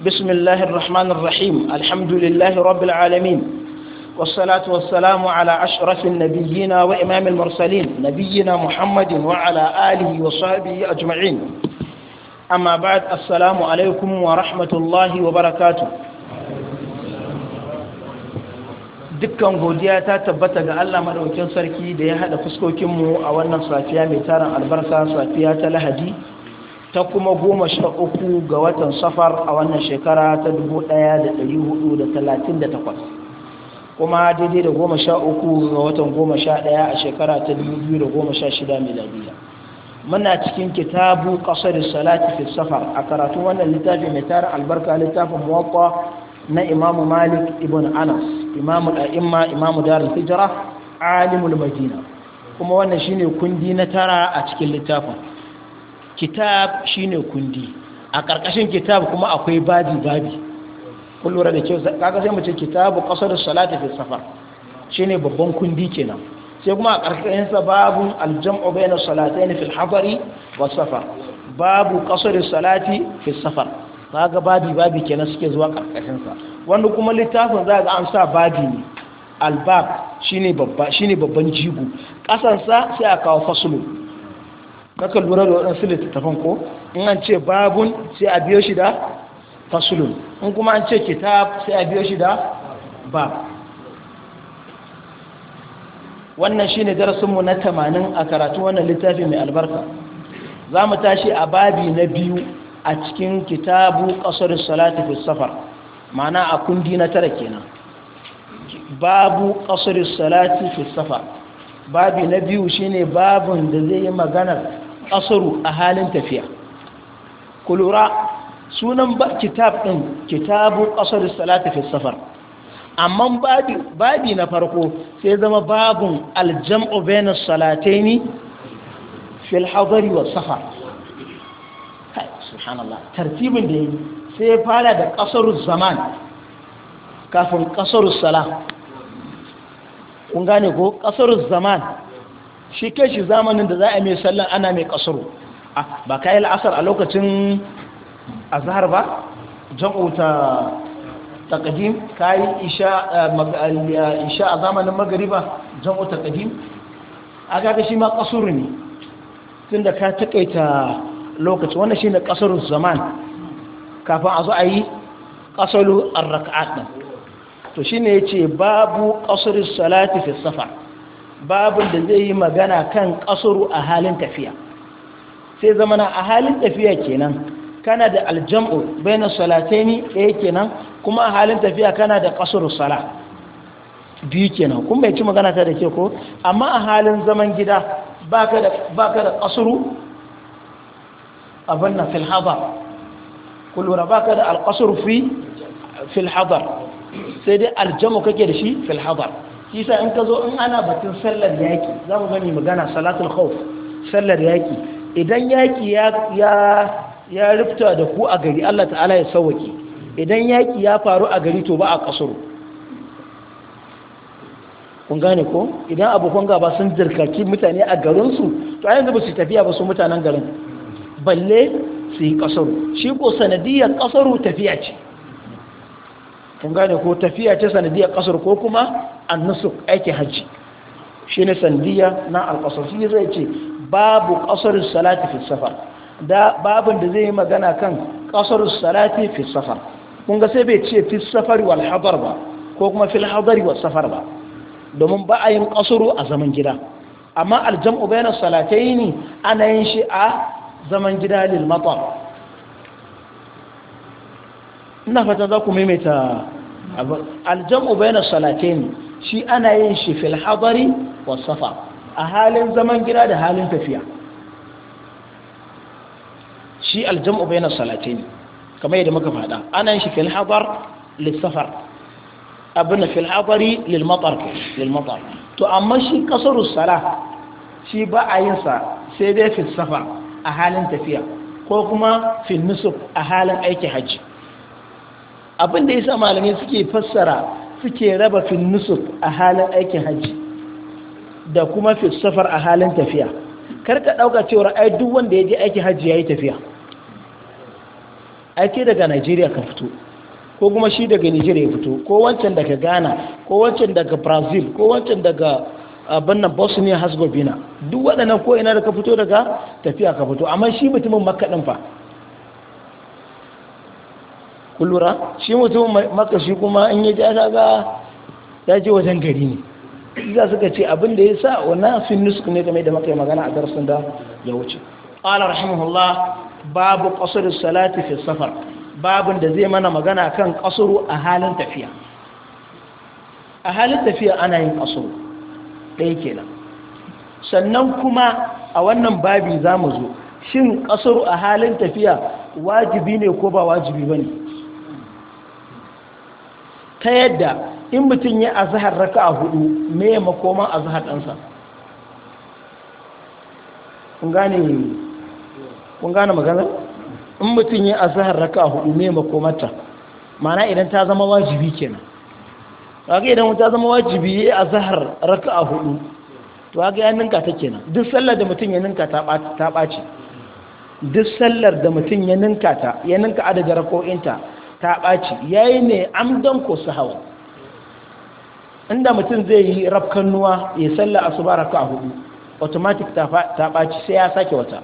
بسم الله الرحمن الرحيم الحمد لله رب العالمين والصلاة والسلام على أشرف النبيين وإمام المرسلين نبينا محمد وعلى آله وصحبه أجمعين أما بعد السلام عليكم ورحمة الله وبركاته dukkan godiya ta tabbata ga Allah madaukakin sarki da ya hada fuskokinmu a wannan safiya mai tarin albarka safiya ta Lahadi ta kuma goma sha uku ga watan safar a wannan shekara ta dubu ɗaya da ɗari da talatin da takwas kuma daidai da goma sha uku ga watan goma sha ɗaya a shekara ta dubu biyu da goma sha shida miladiya muna cikin kitabu ƙasar salati fi safar a karatun wannan littafi mai tara albarka littafin muwatta na imamu malik ibn anas imamu da'imma imamu darul hijra alimul madina kuma wannan shine kundi na tara a cikin littafin kitab shine kundi a ƙarƙashin kitab kuma akwai babi babi kullura da kyau kaga sai mu ce kitabu qasar salati fi safar shine babban kundi kenan sai kuma a ƙarƙashin sa babu aljam'u bayna salatayn fil hadari wa safar babu qasar salati fi safar kaga babi babi kenan suke zuwa ƙarƙashin sa wanda kuma littafin za ga an sa babi ne albab shine babba shine babban jigo ƙasansa sai a kawo faslu kaka lura da waɗansu littattafan ko in an ce babun sai a biyo shi da fasulun in kuma an ce kitab sai a biyo shi da bab wannan shi ne darasinmu na tamanin a karatu wannan littafi mai albarka za mu tashi a babi na biyu a cikin kitabu ƙasar salatu fi safar ma'ana a kundi na tara kenan babu ƙasar salatu fi safar babi na biyu shine babun da zai yi maganar asaru a halin tafiya ku lura sunan kitab ɗin kitabun asaru salati fi safar amma babi na farko sai zama babun aljam'u bainas salataini fil hadari wa safar kai subhanallah tartibin da yayi sai fara da kasarun zaman kafin kasarun salah kun gane ko kasarun zaman shi ke shi zamanin da za a mai sallan ana mai kasuru ba ka yi la'asar a lokacin azhar ba ta takadim ka yi isha a zamanin magariba ta takadim a gaga shi ma kasuru ne tun da ka takaita lokaci wannan shi ne kasurun zaman kafin a zo a yi kasalu arraka'at to shi ne ya ce babu kasurun salati fi safar babin da zai yi magana kan kasuru a halin tafiya sai zamana a halin tafiya kenan kana da aljam'u bayan salataini ɗaya kenan kuma a halin tafiya kana da kasuru sala biyu kenan kun bai ci magana ta da ke ko amma a halin zaman gida baka da baka da kasuru abin na fil hadar kullura baka da alqasru fi fil hadar sai dai aljamu kake da shi fil hadar shi sa in ka zo in ana batun sallar yaƙi za mu gani magana salatul khawf sallar yaƙi. idan yaƙi ya ya rufta da ku a gari Allah ta'ala ya sauwaki idan yaƙi ya faru a gari to ba a kasuru kun gane ko idan abokan gaba sun jirkaki mutane a garinsu to a yanzu ba su tafiya ba su mutanen garin balle su yi kasuru shi ko sanadiyar kasuru tafiya ce kun gane ko tafiya ta sanadiyar kasar ko kuma annusuk aiki hajji shi ne sanadiyya na alkasar shi zai ce babu kasar salati fi safar da babin da zai yi magana kan kasar salati fi safar kun ga sai bai ce fi safar wal hadar ba ko kuma fil hadar wal safar ba domin ba a yin kasaru a zaman gida amma aljam'u bayna salataini ana yin shi a zaman gida lil matar ina fatan za ku maimaita aljam'u bayna salatain shi ana yin shi fil wa was safa a halin zaman gida da halin tafiya shi aljam'u bayna salatain kamar yadda muka faɗa ana yin shi fil hadar safar abin fil hadari lilmatar matar to amma shi kasarus sala shi ba a yin sa sai dai fil a halin tafiya ko kuma fil a halin aiki hajji abin da ya sa malamai suke fassara suke raba fil nusuf a halin aikin hajji da kuma fi safar a halin tafiya kar ka ɗauka cewar ai duk wanda ya je aikin hajji yayi tafiya ai daga Najeriya ka fito ko kuma shi daga Nigeria ya fito ko wancan daga Ghana ko wancan daga Brazil ko wancan daga abin Bosnia Herzegovina duk waɗannan ko ina da ka fito daga tafiya ka fito amma shi mutumin makaɗin fa kullura shi mutum maka kuma in ya ja ga ya je wajen gari ne za suka ce abin da ya sa na fin nusku ne game da makai magana a darasin da ya wuce ƙala rahimahullah babu ƙasar salati fi safar babin da zai mana magana kan ƙasaru a halin tafiya a halin tafiya ana yin ƙasuru ɗaya kenan sannan kuma a wannan babi za mu zo shin ƙasaru a halin tafiya wajibi ne ko ba wajibi ba ne ta yadda in mutum ya raka a hudu me makoman azhar ɗansa kun gane kun gane magana in mutum ya raka a hudu me makomata mana idan ta zama wajibi kenan kaga idan ta zama wajibi ya raka a hudu to kaga ya ninka ta kenan duk sallar da mutum ya ninka ta ɓaci duk sallar da mutum ya ninka ta ya ninka adadin rako'inta ta ɓaci ya yi ne amdan ko sahawa inda mutum zai yi nuwa ya salla a su baraka a hudu automatic ta ɓaci sai ya sake wata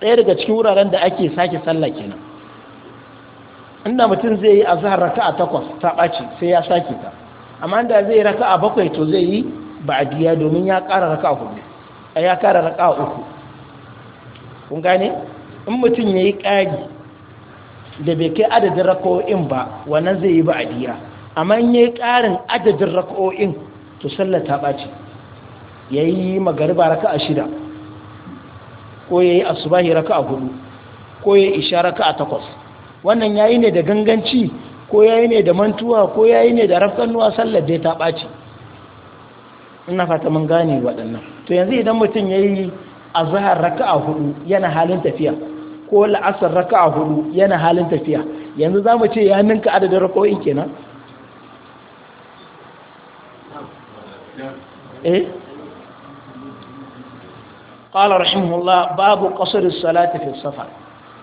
ɗaya daga cikin wuraren da ake sake salla kenan inda mutum zai yi a zahar raka a takwas ta ɓaci sai ya sake ta amma inda zai raka a bakwai to zai yi ba a biya domin ya ƙara raka a hudu ya ƙara raka a uku kun gane in mutum ya yi ƙari da bai kai adadin raka'o'in ba wannan zai yi ba adiya amma in yayi ƙarin adadin raka'o'in to sallar ta ɓaci yayi magariba raka'a shida ko yayi asubahi raka'a hudu ko yayi isha raka'a takwas wannan yayi ne da ganganci ko yayi ne da mantuwa ko yayi ne da rafkanuwa sallar dai ta ɓaci ina fata mun gane waɗannan to yanzu idan mutum yayi azhar raka'a hudu yana halin tafiya ko la'asar raka a hudu yana halin tafiya yanzu za mu ce ya ninka adadin rako'in kenan eh qala rahimahullah babu qasr as-salati fi safar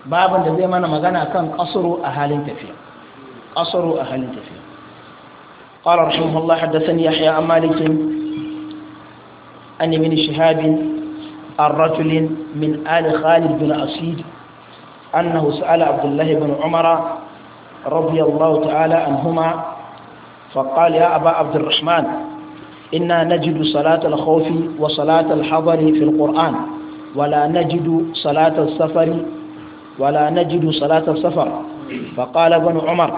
babin da zai mana magana kan qasru a halin tafiya qasru a halin tafiya qala rahimahullah hadathani yahya an malik an ibn shihab an rajul min al khalid bin asid أنه سأل عبد الله بن عمر رضي الله تعالى عنهما فقال يا أبا عبد الرحمن إنا نجد صلاة الخوف وصلاة الحضر في القرآن ولا نجد صلاة السفر ولا نجد صلاة السفر فقال ابن عمر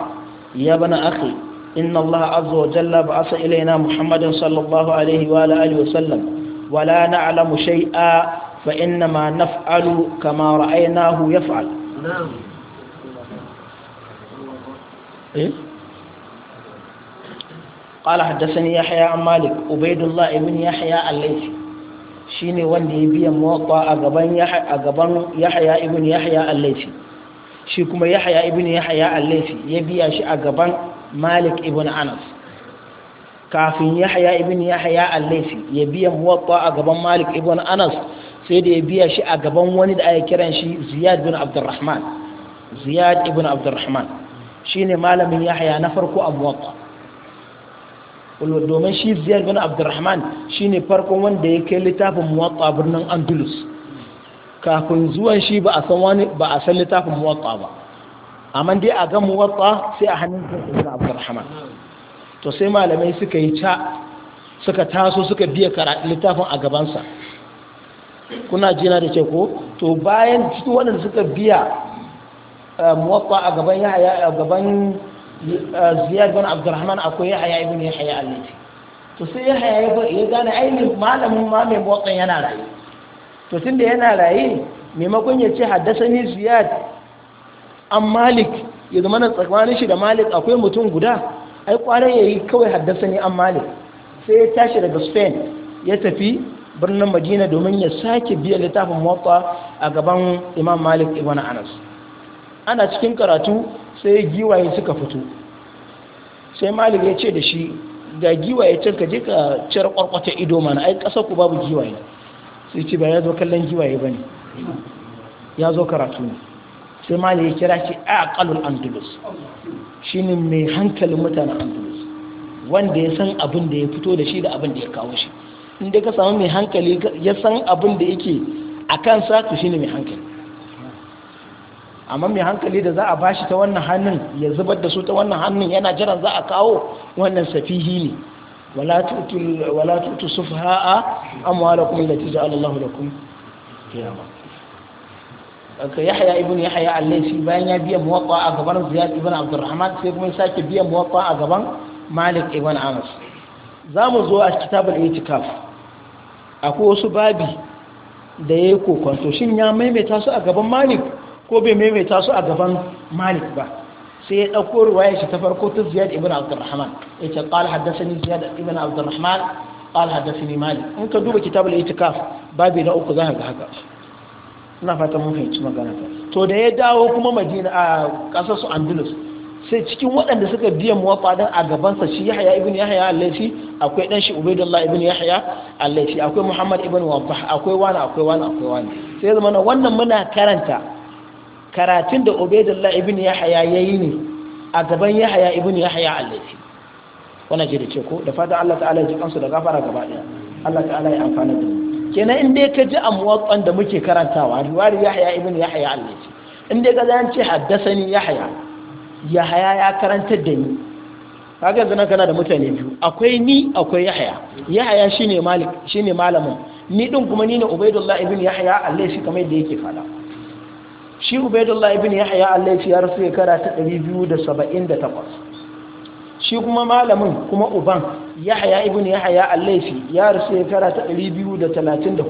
يا ابن أخي إن الله عز وجل بعث إلينا محمد صلى الله عليه وآله وسلم ولا نعلم شيئا فإنما نفعل كما رأيناه يفعل إيه؟ قال حدثني يحيى عن مالك عبيد الله بن يحيى الليثي شيني وندي بيا موطا أجبان يحيى أجبان يحيى ابن يحيى shi kuma yahaya ibn yahaya al ya biya shi a gaban malik ibn anas kafin yahaya ibn yahaya al ya biya muwatta a gaban malik ibn anas sai da ya biya shi a gaban wani da ake kiran shi ziyad bin abdurrahman ziyad ibn abdurrahman shine malamin yahya na farko a muwatta domin shi ziyad bin abdurrahman shine farkon wanda ya kai littafin muwatta birnin andalus kafin zuwan shi ba a san wani ba a san littafin muwatta ba amma dai a ga muwatta sai a hannun ibn abdurrahman to sai malamai suka yi ta suka taso suka biya littafin a gabansa kuna jina da ceko? ko to bayan cikin waɗanda suka biya eh, muwaffa a gaban yahaya a gaban eh, ziyar bin abdurrahman akwai yahaya ibn yahaya to sai haya ya gane ainihin malamin ma mai muwaffan yana raye to tun da yana raye maimakon ya ce haddasa ni ziyar an malik ya zama na tsakanin shi da malik akwai mutum guda ai kwarai ya yi kawai haddasa ni an malik sai ya tashi daga spain ya tafi birnin madina domin ya sake biya littafin mota a gaban imam malik ibn anas ana cikin karatu sai giwaye suka fito sai malik ya ce da shi ga giwaye can ka je ka cire kwarkwata ido mana ai ƙasar ku babu giwaye sai ce ba ya zo kallon giwaye ba ne ya zo karatu ne sai malik ya kira shi a kalul andalus shi ne mai hankalin mutanen andalus wanda ya san abin da ya fito da shi da abin da ya kawo shi In dai ka samu mai hankali ya san abin da yake a kansa to shine mai hankali amma mai hankali da za a bashi ta wannan hannun ya zubar da su ta wannan hannun yana jiran za a kawo wannan safihi ne wala tutu sufaha'a amma kuma allati ja'ala Allahu lakum qiyama aka yahya ibn yahya al-laysi bayan ya biya muwatta a gaban ziyad ibn abdurrahman sai kuma ya sake biya muwatta a gaban malik ibn anas mu zo a kitabul itikaf akwai wasu babi da ya yi kokonto shin ya maimaita su a gaban malik ko bai maimaita su a gaban malik ba sai ya ɗauko ruwaya shi ta farko ta ziyar ibn abdurrahman ya ce haddasa ni ziyar ibn abdurrahman haddasa ni malik in ka duba kitabul itikaf babi na uku za ka ga haka ina fata mun fahimci magana ta to da ya dawo kuma madina a ƙasar su andalus sai cikin waɗanda suka biyan muwafa a gabansa shi yahya ibn yahya al-laifi akwai dan shi ubaidullah ibn yahya al-laifi akwai muhammad ibn wafah akwai wani akwai wani akwai wani sai zama na wannan muna karanta karatun da ubaidullah ibn yahya yayi ne a gaban yahya ibn yahya al-laifi wannan ji da ce ko da fatan Allah ta'ala ya ji kansu da gafara gaba ɗaya Allah ta'ala ya amfana da mu kenan in dai ka ji a muwaffan da muke karantawa riwayar yahya ibn yahya al-laifi in dai ka zan ce ni yahya yahaya ya karantar da ni kaga yanzu kana da mutane biyu akwai ni akwai yahaya yahaya shine malik shine malamin ni din kuma ni ne ubaidullah ibn yahaya allah shi kamar yadda yake fada shi ubaidullah ibn yahaya allah shi ya rasu shekara ta 278 shi kuma malamin kuma uban yahaya ibn yahaya allah shi ya rasu shekara ta 234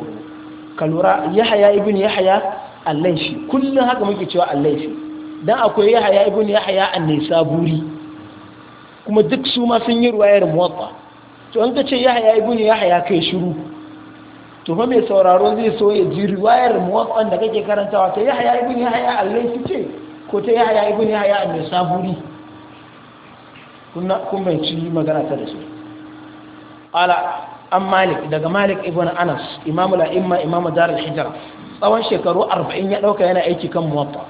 kalura lura yahaya ibn yahaya allah shi kullum haka muke cewa allah shi dan akwai yahaya ibn yahaya an-nisaburi kuma duk su ma sun yi ruwayar muwatta to an kace yahaya ibn yahaya kai shiru to fa mai sauraro zai so ya ji ruwayar muwatta da kake karantawa ta yahaya ibn yahaya al-laysi ce ko ta yahaya ibn yahaya an-nisaburi kunna kun bai ci magana ta da su ala an malik daga malik ibn anas imamul a'imma imamu darul hijra tsawon shekaru 40 ya dauka yana aiki kan muwatta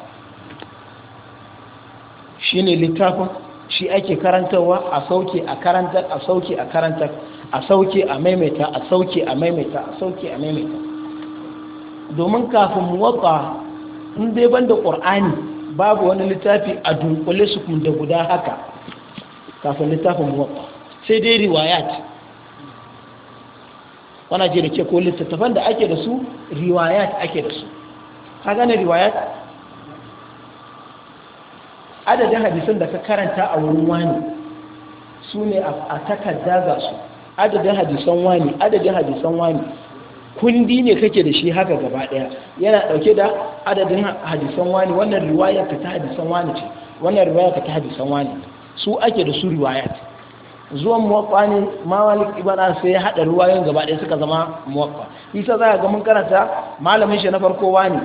ne littafin shi ake karantarwa a sauke a karantar a sauke a karantar a sauke a maimaita a sauke a maimaita a sauke a maimaita domin kafin muwatsa in dai banda qur'ani babu wani littafi a dunkule su kun da guda haka kafin littafin muwatsa sai dai riwayat wana je da ke ko littattafan da ake da su riwayat ake da su ka gane riwayat adadin hadisan da ka karanta a wurin wani su ne a takarda ga su adadin hadisan wani adadin hadisan wani kundi ne kake da shi haka gaba daya yana dauke da adadin hadisan wani wannan riwayar ka ta hadisan wani ce wannan riwayar ka ta hadisan wani su ake da su riwayat zuwan muwaffa ne mawalik ibana sai ya hada riwayoyin gaba daya suka zama muwaffa isa za ga mun karanta malamin shi na farko wani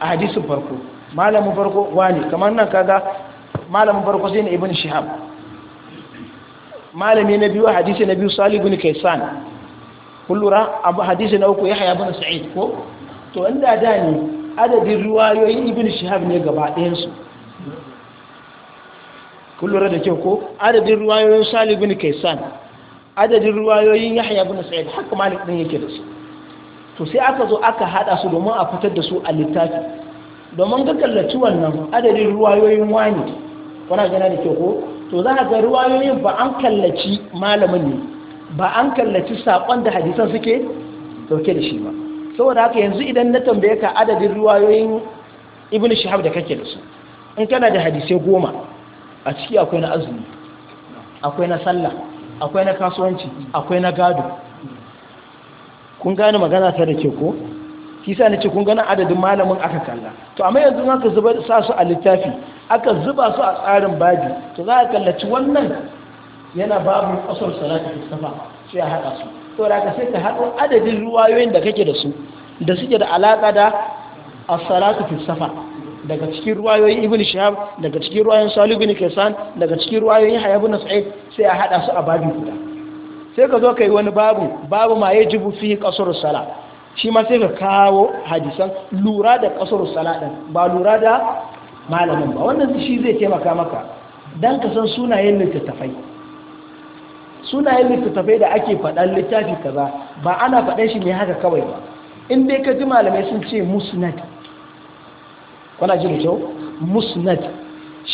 a hadisin farko malamin farko wani kamar nan kaga malamin farko sai na ibn shihab malami na biyu hadisi na biyu salih ibn kaisan kullura abu hadisi na uku yahya ibn sa'id ko to inda da ne adadin riwayoyin ibn shihab ne gaba ɗayan su kullura da kyau ko adadin riwayoyin salih ibn kaisan adadin riwayoyin yahya ibn sa'id haka malik din yake da su to sai aka zo aka hada su domin a fitar da su a littafi domin ga kallaci wannan adadin ruwayoyin wani kuna gana da teku to za a ga ruwayoyin ba an kallaci malamin ne ba an kallaci saƙon da hadisan suke dauke da shi ba saboda haka yanzu idan na tambaye ka adadin ruwayoyin ibn shahab da kake da su in kana da hadisai goma a ciki akwai na azumi akwai na sallah akwai na kasuwanci akwai na gado kun gane magana ta da ke ko kisa na ce kun gane adadin malamin aka kalla to amma yanzu za ka zubar sa su a littafi aka zuba su a tsarin babi to za a kallaci wannan yana babu kasar salatu safa sai a haɗa su to da ka sai ka haɗo adadin ruwayoyin da kake da su da suke da alaƙa da as-salatu fi safa daga cikin ruwayoyin ibn shahab daga cikin ruwayoyin salih bin kaysan daga cikin ruwayoyin hayy ibn sa'id sai a haɗa su a babi guda sai ka zo ka yi wani babu babu ma yajibu fi qasrus sala shi ma sai ka kawo hadisan lura da qasrus sala ba lura da malamin ba wannan shi zai taimaka maka don ka san sunayen littattafai sunayen littattafai da ake faɗan littafi kaza ba ana faɗan shi ne haka kawai ba in dai ka ji malamai sun ce musnad kuna ji da kyau musnad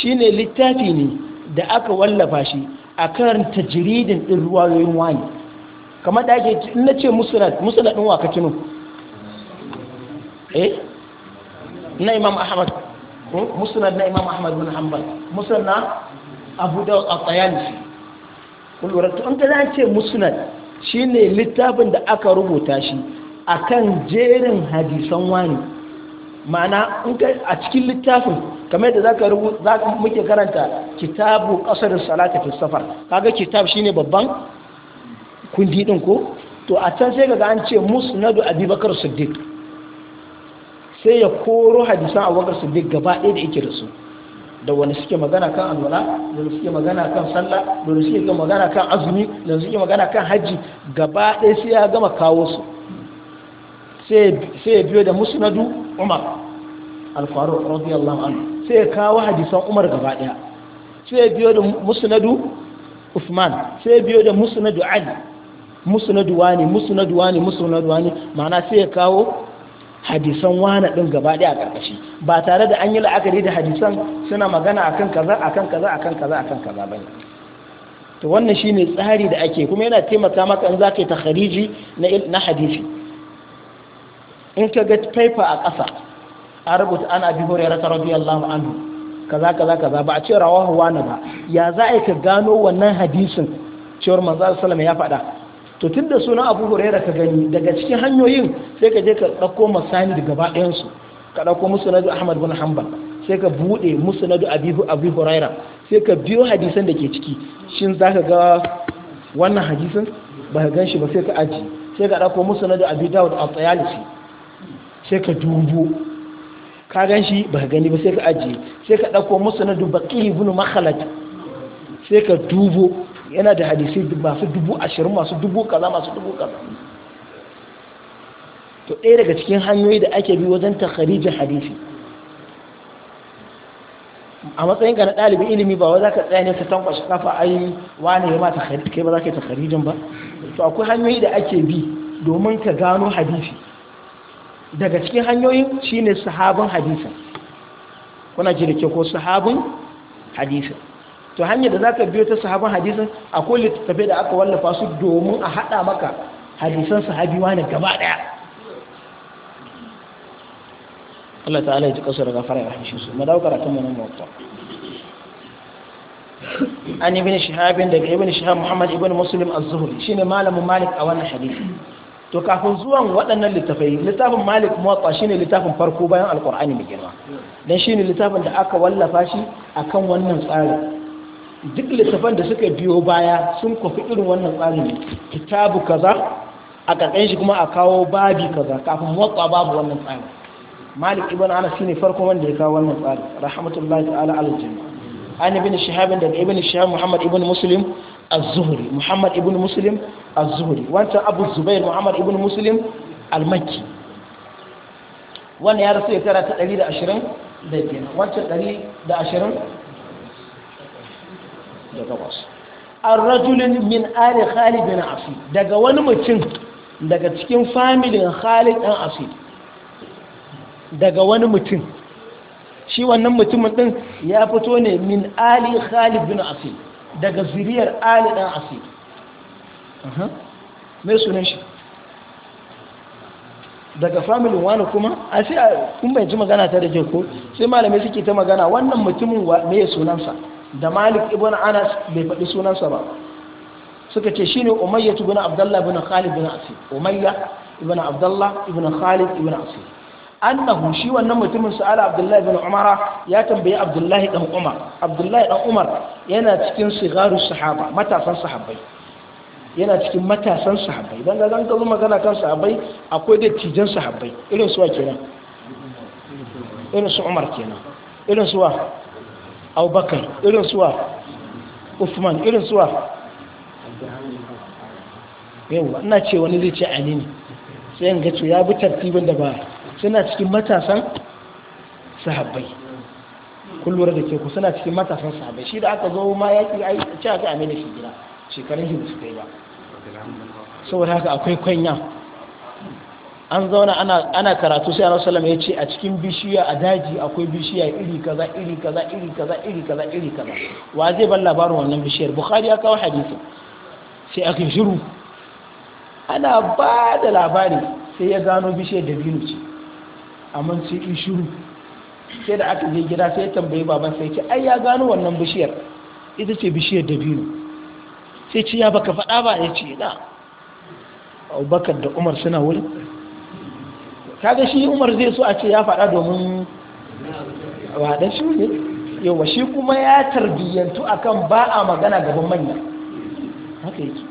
ne littafi ne da aka wallafa shi a kan tajiridin ɗin ruwayoyin wani kamar da ake in na ce musnad musnad ɗin wa ka tuno eh na imam ahmad ko musnad na imam ahmad bin hanbal musnad na abu da at-tayalisi kun lura an ta ce musnad shine littafin da aka rubuta shi akan jerin hadisan wani ma'ana a cikin littafin kamar da zaka rubuta muke karanta kitabu qasr salati fi safar kaga kitab shine babban kundi din ko to a can sai kaga an ce musnadu abubakar siddiq sai ya koro hadisan abubakar siddiq gaba ɗaya da yake da su da wani suke magana kan alwala da wani suke magana kan sallah da wani suke magana kan azumi da wani suke magana kan hajji gaba ɗaya sai ya gama kawo su sai ya biyo da musnadu umar alfaru radiyallahu anhu sai ya kawo hadisan umar gaba ɗaya sai ya biyo da musnadu usman sai ya biyo da musnadu ali musnadu wani musnadu wani musnadu wani ma'ana sai ya kawo hadisan wane ɗin gaba ɗaya a ƙarƙashi ba tare da an yi la'akari da hadisan suna magana akan kaza akan kaza akan kaza akan kaza bane to wannan shine tsari da ake kuma yana taimaka maka in ka yi ta na na hadisi in ka ga paper a ƙasa a rubuta an abi rabi radiyallahu anhu kaza kaza kaza ba a ce rawahu wani ba ya za a ka gano wannan hadisin cewar manzo sallallahu ya faɗa to tun da sunan abu huraira ka gani daga cikin hanyoyin sai ka je ka ɗauko masani da gaba ɗayansu ka ɗauko musnadu ahmad bin hanbal sai ka buɗe musnadu abihu abu huraira sai ka biyo hadisan da ke ciki shin za ka ga wannan hadisan ba ka gan shi ba sai ka aji sai ka ɗauko musnadu abu dawud a tsayalisi sai ka dubu ka gan shi ba ka gani ba sai ka aji sai ka ɗauko musnadu baqi bin makhlad sai ka dubo yana da hadisai masu dubu ashirin masu dubu kaza masu dubu kaza to ɗaya daga cikin hanyoyi da ake bi wajen takharijin hadisi a matsayin ka na ɗalibin ilimi ba wai za ka tsaya ne ka tankwashe kafa yi wane ya ma kai ba za ka yi takharijin ba to akwai hanyoyi da ake bi domin ka gano hadisi daga cikin hanyoyin shine sahabin hadisa. kuna ji da ke ko sahabin hadisin to hanyar da za ka biyo ta sahaban a akwai littattafai da aka wallafa su domin a haɗa maka hadisan sahabi wani gaba ɗaya. Allah ta'ala ya ji kasu daga fara ya rahmishi su madawa karatun mu nan mawakwa an ibn shihab daga ibn shihab muhammad ibn muslim az-zuhri shine malamin malik a wannan hadisi to kafin zuwan waɗannan littafai littafin malik muwatta shine littafin farko bayan alqur'ani mai girma dan shine littafin da aka wallafa shi akan wannan tsarin duk littafan da suka biyo baya sun kofi irin wannan tsarin kitabu kaza a ƙarƙashin shi kuma a kawo babi kaza kafin motsa babu wannan tsarin malik ibn shi ne farkon wanda ya kawo wannan tsarin rahmatullahi ta'ala ala an ibn shihab da ibn shihab muhammad ibn muslim az-zuhri muhammad ibn muslim az-zuhri wancan abu zubair muhammad ibn muslim al-makki wannan ya rasu ya tara ta 125 wancan 120 an rajulun min ali khalid bin afi daga wani mutum daga cikin familin khalid ɗan afi daga wani mutum shi wannan mutumin ɗin ya fito ne min ali khalid bin afi daga zuriyar ali ɗan afi mai sunan shi daga familin wani kuma a sai kun bai ji magana ta da ke ko sai malamai suke ta magana wannan mutumin mai sunansa da malik ibn anas bai faɗi sunansa ba suka ce shine umayya ibn abdullah ibn khalid ibn asir umayya ibn abdullah ibn khalid ibn asir annahu shi wannan mutumin sa'ala abdullah ibn umara ya tambayi abdullah dan umar abdullah dan umar yana cikin sigarus sahaba matasan sahabbai yana cikin matasan sahabbai dan zan ka zo magana kan sahabbai akwai da dattijan sahabbai irin suwa kenan irin su umar kenan irin suwa abubakar irin suwa usman irin suwa Yau ina ce wani zai ce ani ne sai yin gaco ya bi tartibin da ba suna cikin matasan sahabbai kun da ke ku suna cikin matasan sahabbai shi da aka zo ma ya ƙi a ci aka amina shi gida shekarun hibu su kai ba saboda haka akwai kwanya an zauna ana karatu sai Allah sallallahu ya ce a cikin bishiya a daji akwai bishiya iri kaza iri kaza iri kaza iri kaza iri kaza wa zai ban labarin wannan bishiyar bukhari ya kawo hadisi sai aka shiru ana ba da labari sai ya gano bishiyar da binu ce amma sai in shiru sai da aka je gida sai ya tambayi baban sai ce ai ya gano wannan bishiyar ita ce bishiyar da binu sai ce ya baka faɗa ba ya ce na abubakar da umar suna wurin kaga shi umar zai so a ce ya faɗa domin waɗa shi ne yawa shi kuma ya tarbiyyantu akan ba a magana gaban manya haka yake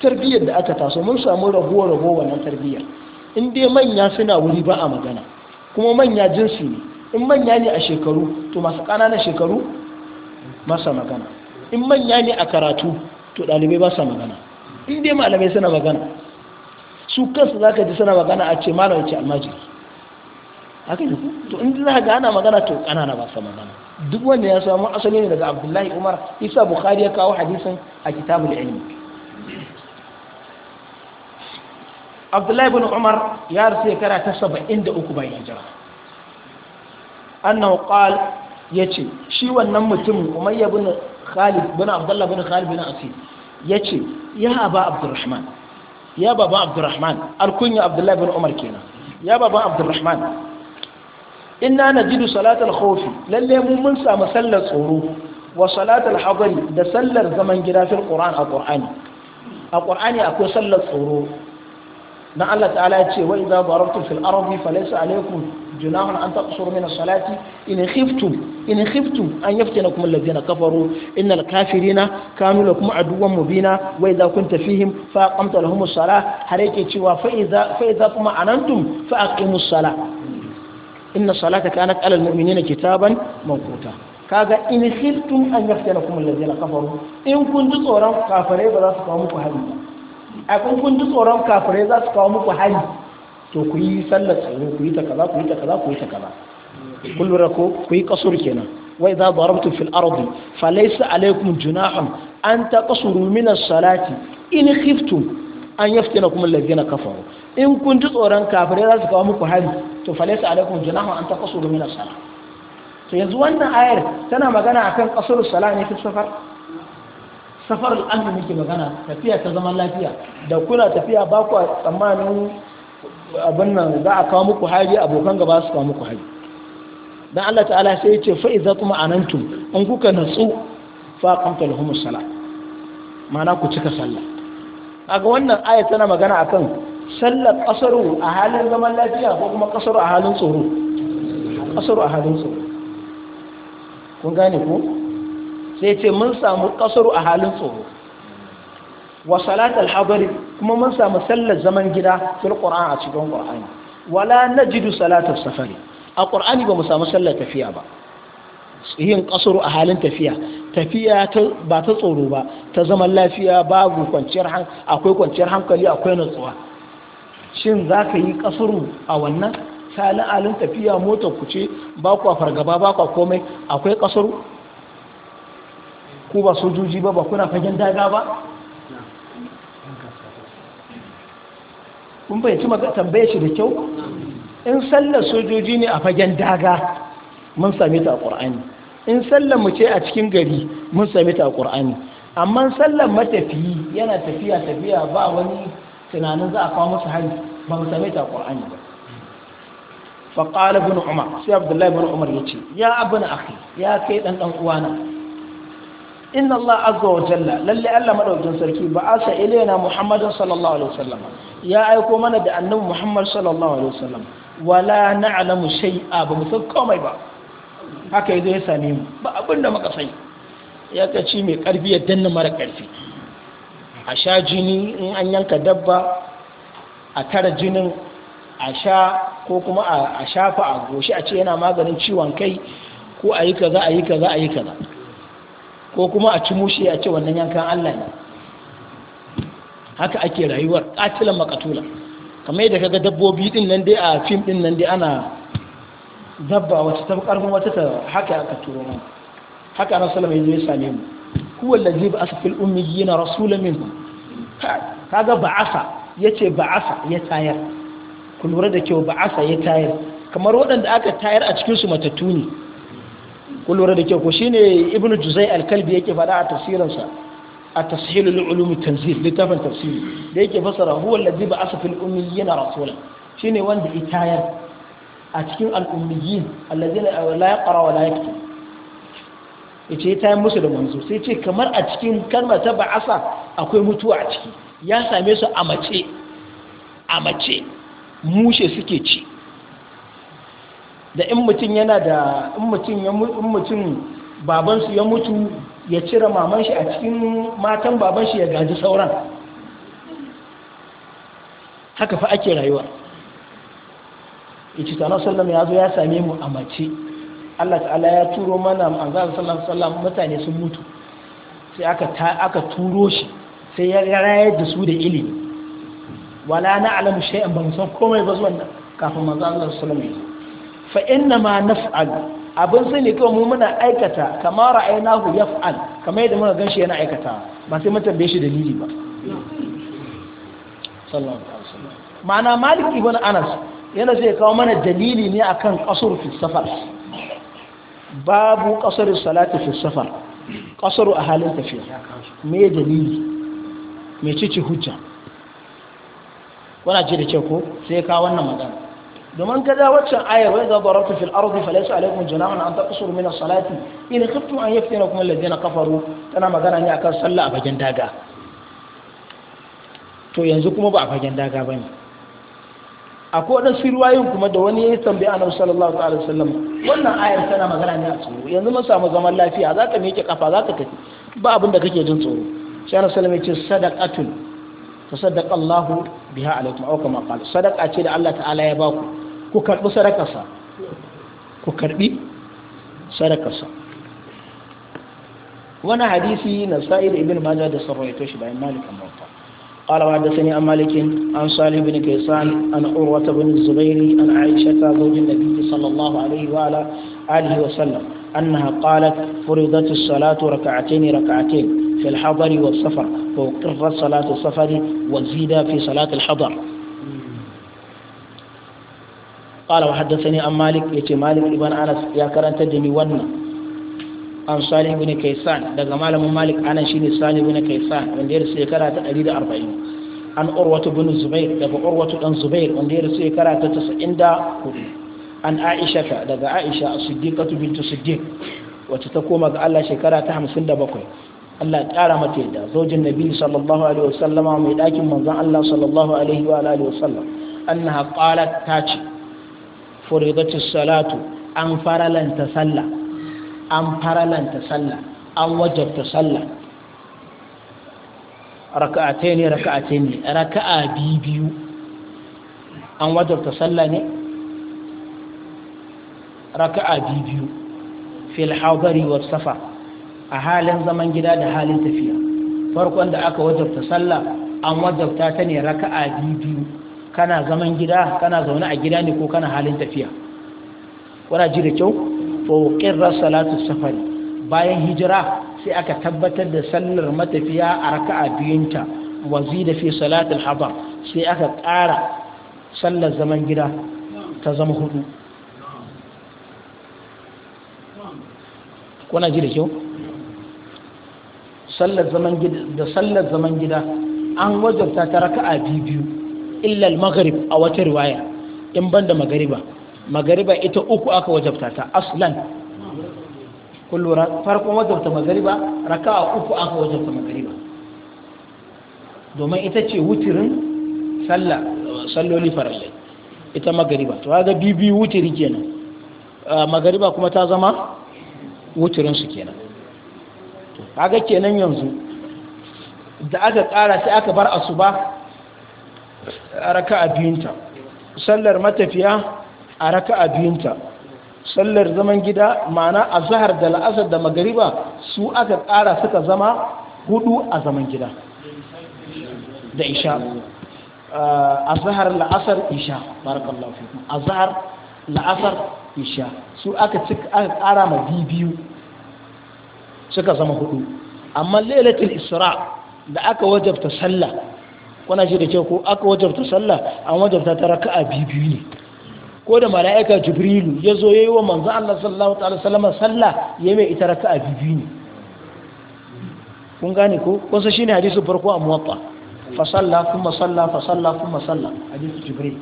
tarbiyyar da aka taso mun samu ragowa ragowa wannan tarbiyyar in dai manya suna wuri ba a magana kuma manya jinsi ne in manya ne a shekaru to masu ƙananan shekaru masa magana in manya ne a karatu to ɗalibai ba sa magana in dai malamai suna magana su kansu za ka ji suna magana a ce malam ce almajiri haka yi ku to in za ka ana magana to ƙanana ba sa magana duk wanda ya samu asali ne daga abdullahi umar isa bukhari ya kawo hadisin a kitabul ilmi abdullahi bin umar ya rasu kara ta saba'in da uku bayan hijira annahu ya ce shi wannan mutum umayya bin khalid bin abdullahi bin khalid bin asir ce ya ba abdurrahman يا بابا عبد الرحمن أركني عبد الله بن عمر كينا يا بابا عبد الرحمن إن أنا جد صلاة الخوف للي مو منسى مسلة الصروف وصلاة الحضر ده سلة زمن جرا في القرآن القرآن القرآن أكو سلة الصروف نعلت على شيء وإذا ضربتم في الأرض فليس عليكم جناح أن تقصروا من الصلاة إن خفتم إن خفتم أن يفتنكم الذين كفروا إن الكافرين كانوا لكم عدوا مبينا وإذا كنت فيهم فأقمت لهم الصلاة حريك تشوا فإذا فإذا أننتم فأقيموا الصلاة إن الصلاة كانت على المؤمنين كتابا موقوتا kaga in khiftum an yaftanakum alladhina kafaru in kun ji tsoron kafirai ba za su kawo muku hali a kun kun tsoron kafirai za su kawo muku hali to ku yi sallar tsaye ku yi ta kaza ku yi ta kaza ku yi ta kaza kun lura ku yi kasur kenan wai wa idza darabtum fil ardi falaysa alaykum junahun an taqsuru min as-salati in khiftum an yaftinakum alladhina kafaru in kun ji tsoron kafirai za su kawo muku hali to falaysa alaykum junahun an taqsuru min as-salati to yanzu wannan ayar tana magana akan qasrul salat ne fi safar safar al-amn muke magana tafiya ta zaman lafiya da kuna tafiya ba ku tsammanin abin nan za a kawo muku hari abokan gaba su kawo muku hari dan Allah ta'ala sai ya ce fa idza kuma anantum in kuka natsu fa qamta lahum sala mana ku cika sallah kaga wannan aya tana magana akan sallar kasaru a halin zaman lafiya ko kuma kasaru a halin tsoro kasaru a halin tsoro kun gane ko sai ce mun samu kasaru a halin tsoro wa salat al-hadari kuma mun samu sallar zaman gida fil qur'an a cikin qur'ani wala najidu salat safari a qur'ani ba mu samu sallar tafiya ba yin kasuru a halin tafiya tafiya ba ta tsoro ba ta zaman lafiya babu kwanciyar akwai kwanciyar hankali akwai natsuwa shin za ka yi kasuru a wannan salin alin tafiya motar ku ce ba ku fargaba ba ku komai akwai kasuru ku ba sojoji ba ba kuna fagen daga ba kun fahimci tambaye shi da kyau in sallar sojoji ne a fagen daga mun same ta a in sallar mu ce a cikin gari mun same ta a amma sallar matafiyi yana tafiya tafiya ba wani tunanin za a kawo masa hali ba mu same ta a bin ba فقال ابن عمر سي عبد الله Ya عمر يجي يا ابن Ya kai كي دان دان uwana inna Allah azza wa jalla lalle Allah madaukin sarki ba asa ilaina Muhammadin sallallahu alaihi wasallam ya aiko mana da annabi Muhammad sallallahu alaihi wasallam wala na'lamu shay'a ba mu san komai ba haka yazo ya same mu ba abinda muka sani ya ka ci mai karfi ya danna mara karfi a sha jini in an yanka dabba a tara jinin a sha ko kuma a shafa a goshi a ce yana maganin ciwon kai ko a yi kaza a yi kaza a yi kaza ko kuma a ci mushe a ce wannan yankan Allah ne haka ake rayuwar katilan makatula kamar yadda kaga dabbobi din nan dai a fim din nan dai ana dabba wata ta karfin wata ta haka aka turo mana haka annabi sallallahu alaihi wasallam ya same mu huwa allazi ba'asa fil ummiyina rasulan minhum kaga ba'asa yace ba'asa ya tayar ku lura da kyau ba'asa ya tayar kamar waɗanda aka tayar a cikin su matattu ne ku lura da kyau ko shine ibnu juzai al-kalbi yake faɗa a tafsirinsa a للعلوم التنزيل tanzil littafin tafsiri da yake الذي huwa في الأميين رسولا ummiyina rasula shine wanda itayar a cikin al'ummiyin allazina la yaqra ta musu da manzo sai ce kamar a cikin kalmar ta ba'asa akwai mutuwa a ciki ya same su a mace a mushe suke ci da in mutum yana da in mutum ya mutum babansu ya mutu ya cire maman shi a cikin matan baban shi ya gaji sauran haka fa ake rayuwa ita tana sallam ya zo ya same mu a mace Allah ta'ala ya turo mana manzo sallallahu sallam mutane sun mutu sai aka aka turo shi sai ya rayar da su da ilimi wala na alamu shay'an ba mu san komai ba zuwan kafin manzo Allah sallallahu alaihi wasallam fa inna ma naf'al abin sani kawai mu muna aikata kamar kama ya yaf'al kamar yadda muka ganshi yana aikata ba sai mun tambaye shi dalili ba ma'ana malik ibn anas yana zai kawo mana dalili ne akan qasr fi safar babu qasr salati fi safar a halin tafiya me dalili me cici hujja kuna ji da ce ko sai kawo wannan magana domin kaza waccan ayar wai ga darabtu fil ardi falaysa alaykum junahun an taqsuru min as-salati in khiftum an yaftinakum alladhina kafaru tana magana ne akan sallah a bagen daga to yanzu kuma ba a fagen daga bane akwai wadansu ruwayoyin kuma da wani ya yi tambaya annabi sallallahu alaihi wasallam wannan ayar tana magana ne a tsoro yanzu mun samu zaman lafiya zaka miƙe kafa zaka tafi ba abin da kake jin tsoro sai annabi sallallahu alaihi wasallam ya ce sadaqatun tasaddaqa Allahu biha alaikum aw kama qala sadaqa ce da Allah ta'ala ya baku ku karbi sadakarsa ku karbi sadakarsa wani hadisi na sa'id ibn majah da sarwaito shi a malik amurka قال وحدثني عن مالك عن صالح بن كيسان عن عروة بن الزبير عن عائشة زوج النبي صلى الله عليه وعلى آله وسلم أنها قالت فرضت الصلاة ركعتين ركعتين في الحضر والسفر فوقف صلاة السفر وزيد في صلاة الحضر قال وحدثني عن مالك يتي مالك ابن أنس يا كرنت دمي ون عن صالح بن كيسان دقا مالك مالك أنا شيني صالح بن كيسان من دير سيكرة تقريد أربعين عن أروة بن الزبير دقا أروة بن الزبير من دير سيكرة تتسعين دا عن عائشة دقا عائشة الصديقة بنت الصديق wacce ta koma ga Allah shekara ta hamsin da bakwai Allah ƙara mata yadda zaujin nabi sallallahu alaihi wasallam mai ɗakin manzon Allah sallallahu alaihi wa alihi wasallam annaha qalat ta ce furidatus salatu an faralanta sallah an faralanta sallah an wajabta sallah raka'atai ne raka'atai ne raka'a biyu an wajabta sallah ne raka'a biyu fil hadari was safar a halin zaman gida da halin tafiya farkon da aka wajabta sallah an wajabta ta ne raka'a biyu kana zaman gida kana zaune a gida ne ko kana halin tafiya kuna ji da kyau to qirra salatu safari bayan hijira sai aka tabbatar da sallar matafiya a raka'a biyunta wazida fi al hadar sai aka ƙara sallar zaman gida ta zama hudu kuna ji da kyau sallar zaman da sallar zaman gida an wajabta ta raka'a biyu illal maghrib a wata riwaya in banda magariba magariba ita uku aka wajabta ta aslan kullura farkon wajabta magariba raka'a uku aka wajabta magariba domin ita ce wutirin sallah salloli farallai ita magariba to biyu biyu wutiri kenan ah, magariba kuma ta zama wutirin su kenan kaga kenan yanzu da aka kara sai aka bar asuba a raka a biyunta sallar matafiya a raka a biyunta sallar zaman gida ma'ana a zahar da la'asar da magariba su aka kara suka zama hudu a zaman gida da isha a ah, zahar la'asar isha barakallahu fikum a zahar la'asar isha su aka kara ma biyu suka zama hudu amma lailatul isra da aka wajabta sallah kuna ji da kyau ko aka wajabta sallah an wajabta ta raka'a biyu ne ko da mala'ika jibrilu ya zo ya yi wa manzo Allah sallallahu ta'ala sallama sallah ya mai ita raka'a biyu ne kun gane ko kun san shine hadisin farko a muwatta fa salla kuma salla fa salla kuma salla hadisin jibril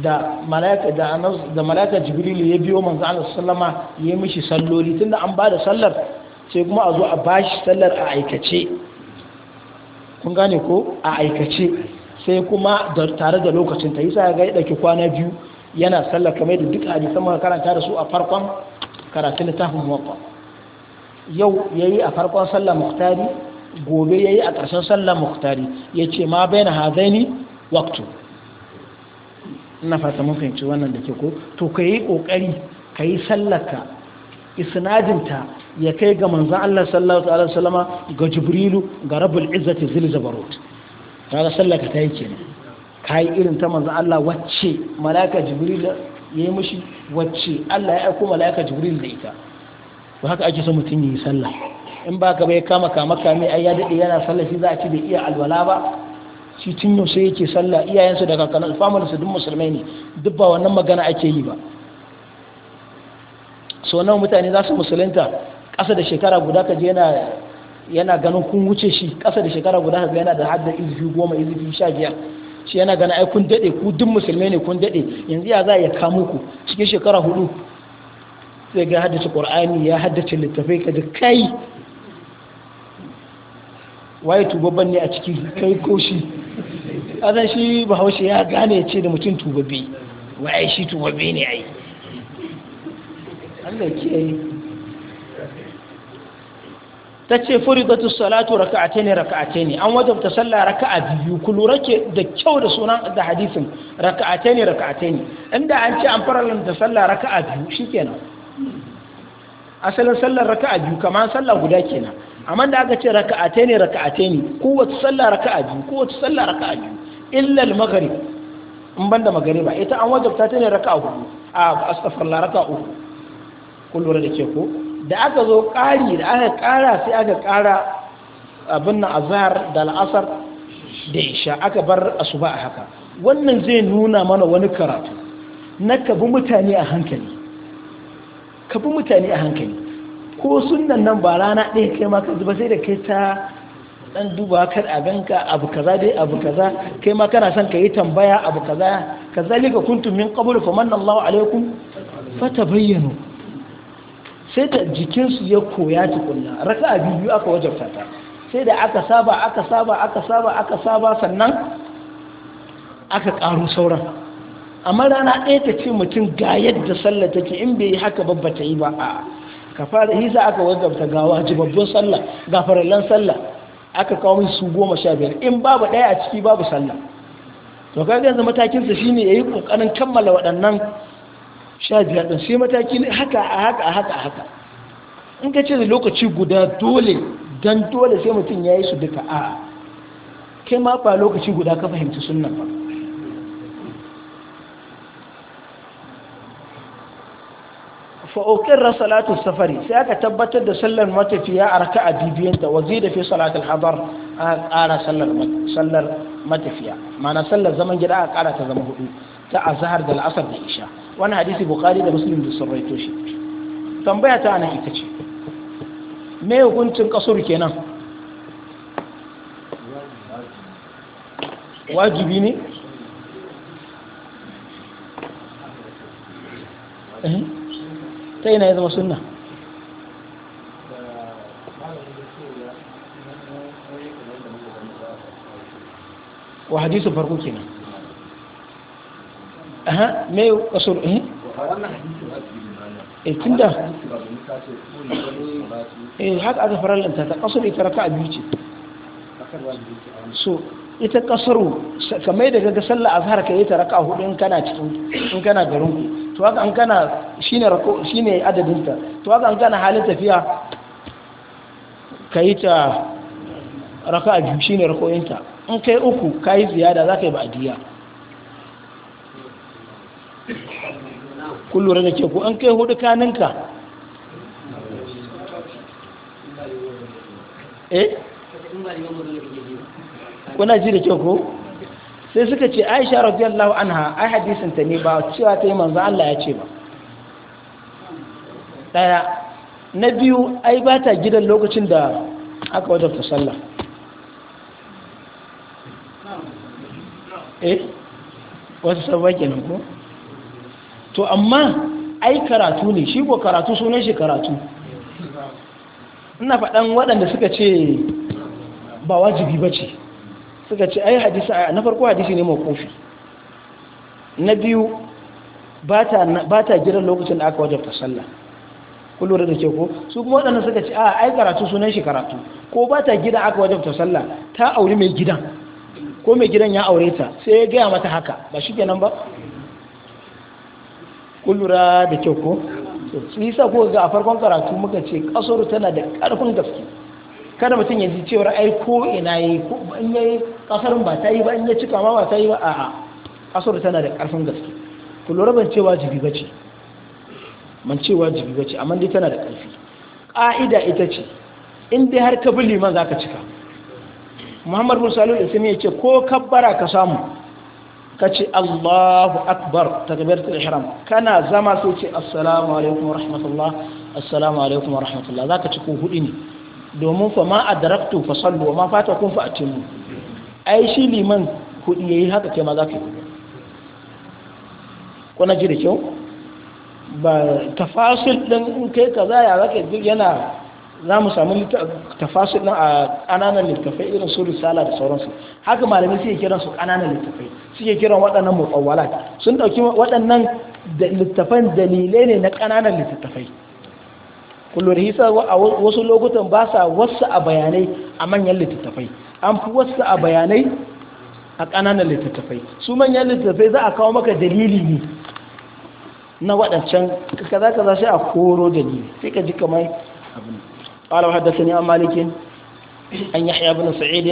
da malaika da anas da malaika jibril ya biyo manzo Allah sallama ya mishi salloli tunda an bada sallar sai kuma a zo a bashi sallar a aikace kun gane ko a aikace sai kuma tare da lokacin ta yasa ga ya kwana biyu yana sallar kamar da duka hadisi muka karanta da su a farkon karatun littafin muwatta yau yayi a farkon sallar muhtari gobe yayi a ƙarshen sallar muhtari yace ma baina hadaini waqtu ina fata mun fahimci wannan da ke ko to ka yi ƙoƙari ka yi sallaka isnadinta ya kai ga manzan Allah sallallahu alaihi wasallama ga jibrilu ga rabbul izzati zil zabarut kaga sallaka ta yi kenan kai irin ta manzan Allah wacce malaika ya yayi mishi wacce Allah ya aiko malaika jibril da ita to haka ake son mutum yi sallah in ba ka bai kama kama kame ai ya dade yana sallah shi za a ci da iya alwala ba shi tun yaushe yake sallah iyayensa da kakannin su duk musulmai ne duk ba wannan magana ake yi ba so nawa mutane za su musulunta ƙasa da shekara guda ka je yana yana ganin kun wuce shi ƙasa da shekara guda ka yana da haddar izifi goma izifi sha biyar shi yana ganin ai kun daɗe ku duk musulmai ne kun daɗe yanzu ya za ya kamo ku cikin shekara hudu zai ga haddace ƙur'ani ya haddace littafai ka da kai waye tubabban ne a ciki kai ko azan shi bahaushe ya gane ce da mutum tubabbe wa ai shi tubabbe ne ai Allah kiyaye ta ce furidatu salatu raka'ate ne raka'ate ne an wajabta sallah raka'a biyu ku lura ke da kyau da sunan da hadisin raka'ate ne raka'ate ne inda an ce an faralanta sallah raka'a biyu shikenan asalin sallar raka'a biyu kamar sallah guda kenan amma da aka ce raka'ate ne raka'ate ne kowace sallah raka'a biyu kowace sallah raka'a biyu al maghrib in banda magariba ita an wajabta ta ne raka'a hudu a astaghfirullah raka'a uku kullu da ke ko da aka zo ƙari da aka kara sai aka ƙara abin nan azhar da la'asar da isha aka bar asuba a haka wannan zai nuna mana wani karatu na ka mutane a hankali ka mutane a hankali ko sunnan nan ba rana ɗaya kai ma ka zuba sai da kai ta dan duba kar a ganka abu kaza dai abu kaza kai ma kana son ka yi tambaya abu kaza kazalika kuntum min qablu manna Allahu alaikum fatabayyanu sai da jikin su ya koya tukunna raka'a biyu aka wajabta ta sai da aka saba aka saba aka saba aka saba sannan aka karo sauran amma rana ɗaya ta ce mutum ga yadda sallah take in bai yi haka babba ta yi ba a ka fara hisa aka wajabta ga wajibabbun sallah ga farallan sallah aka kawo min su goma sha biyar in babu ɗaya a ciki babu sallah to ga yanzu matakinsa shi ne ya yi kokarin kammala waɗannan sha biyar ɗin sai mataki ne haka a haka a haka a haka in ka ce da lokaci guda dole dan dole sai mutum ya yi su duka a kai ma ba lokaci guda ka fahimci sunan ba fa'oƙirra salatu safari sai aka tabbatar da sallar matafiya a raka a bibiyanta waje da fi salatul hadar a ƙara sallar matafiya mana sallar zaman gida a ƙara ta zama hudu ta azhar da la'asar da isha wani hadisi bukari da muslim da sun raito shi tambaya ta ana ita ce me hukuncin kasur kenan wajibi ne تينا يا سنة وحديث فرقوكنا أها ميو أصر إيه إيه تندا إيه حق هذا فرق لأنت تقصر إيه فرقاء بيوتي سو إيه تقصروا كما إذا قد سلّى أظهرك إيه تركاه إن كان أتفوت إن كان أتفوت to haka an kana shine rako shine adadin ta to haka an kana halin tafiya kai ta raka'a biyu shine rakoyin ta in kai uku kai ziyada zaka yi ba'diya kullu lura da ke ku an kai hudu kaninka eh kuna ji da ke ku sai suka ce aisha radiyallahu anha ai hadisin ta ne ba cewa ta yi manzo Allah ya ce ba daya na biyu ai ba ta gidan lokacin da aka wajabta sallah eh wasu sabuwa kenan ko to amma ai karatu ne shi ko karatu sunan shi karatu ina faɗan waɗanda suka ce ba wajibi ba ce suka ce ai hadisi na farko hadisi ne mawqufi na biyu ba ta jiran lokacin da aka wajabta sallah kullum da ke ko su kuma waɗanda suka ce a ai karatu sunan shi karatu ko ba ta gida aka wajabta sallah ta auri mai gidan ko mai gidan ya aure ta sai ya gaya mata haka ba shi ke nan ba kullum da ke ko su yi sa ko ga a farkon karatu muka ce kasar tana da ƙarfin gaske kada mutum ya ji cewar ai ko ina yi ko in yi kasar ba ta yi ba in ya cika ma ba ta yi ba a'a kasar tana da karfin gaske ku lura ban cewa jibi bace man cewa jibi bace amma dai tana da karfi ka'ida ita ce in dai har ka bi liman zaka cika Muhammad bin Salih ismi ya ce ko kabbara ka samu ka ce Allahu akbar takbiratul ihram kana zama sai ce assalamu alaikum wa rahmatullah assalamu alaikum wa rahmatullah zaka ci ko hudu ne domin fa ma a daraktu fa sallu wa ma kun fa a atimmu ai shi liman kuɗi ya yi haka kai ma za ka yi kuna ji da kyau ba tafasil ɗin in kai ka za ya ka duk yana za mu samu tafasil ɗin a ƙananan littafai irin su risala da sauransu haka malamai suke kiran su ƙananan littafai suke kiran waɗannan mutawwalat sun ɗauki waɗannan littafan dalilai ne na ƙananan littafai kullum hisa a wasu lokutan ba sa wasu a bayanai a manyan littattafai an fi wasu a bayanai a ƙananan littattafai su manyan littattafai za a kawo maka dalili ne na waɗancan kaza kaza sai a koro dalili sai ka ji kamar abin قال an عن مالك da يحيى بن سعيد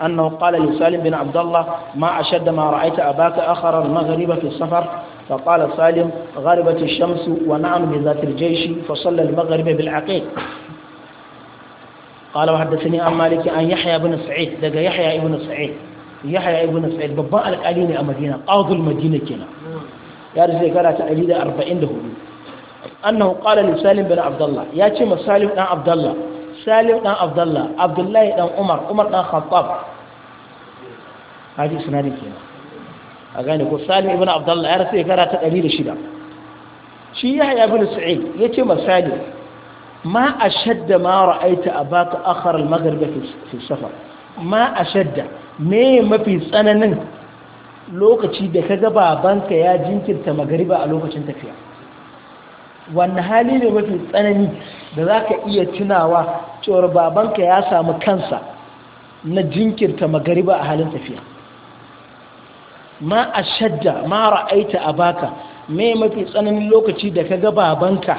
أنه قال لسالم بن عبد الله ما أشد ما رأيت أباك أخر المغرب fi safar فقال سالم غربت الشمس ونعم بذات الجيش فصلى المغرب بالعقيق قال وحدثني عن مالك عن يحيى بن سعيد دقى يحيى بن سعيد يحيى بن سعيد بابا القالي ne a Madina qadul Madina kenan ya da shekara ta 144 annahu qala li Salim bin Abdullah ya ce ma Salim dan Abdullah Salim ɗan Abdullah Abdullah dan Umar Umar dan Khattab hadisi sanadin kenan a gane ko salim ibn abdullahi ya rasu shekara ta 106 shi ya haya bin sa'id ya ce ma ma a shadda ma ra'aita a baka akhar al-maghrib fi safar ma a shadda me mafi tsananin lokaci da ka kaga babanka ya jinkirta magariba a lokacin tafiya Wanne hali ne mafi tsanani da za ka iya tunawa cewar babanka ya samu kansa na jinkirta magariba a halin tafiya ma a shadda ma ra'aita a baka me mafi tsananin lokaci da ka ga babanka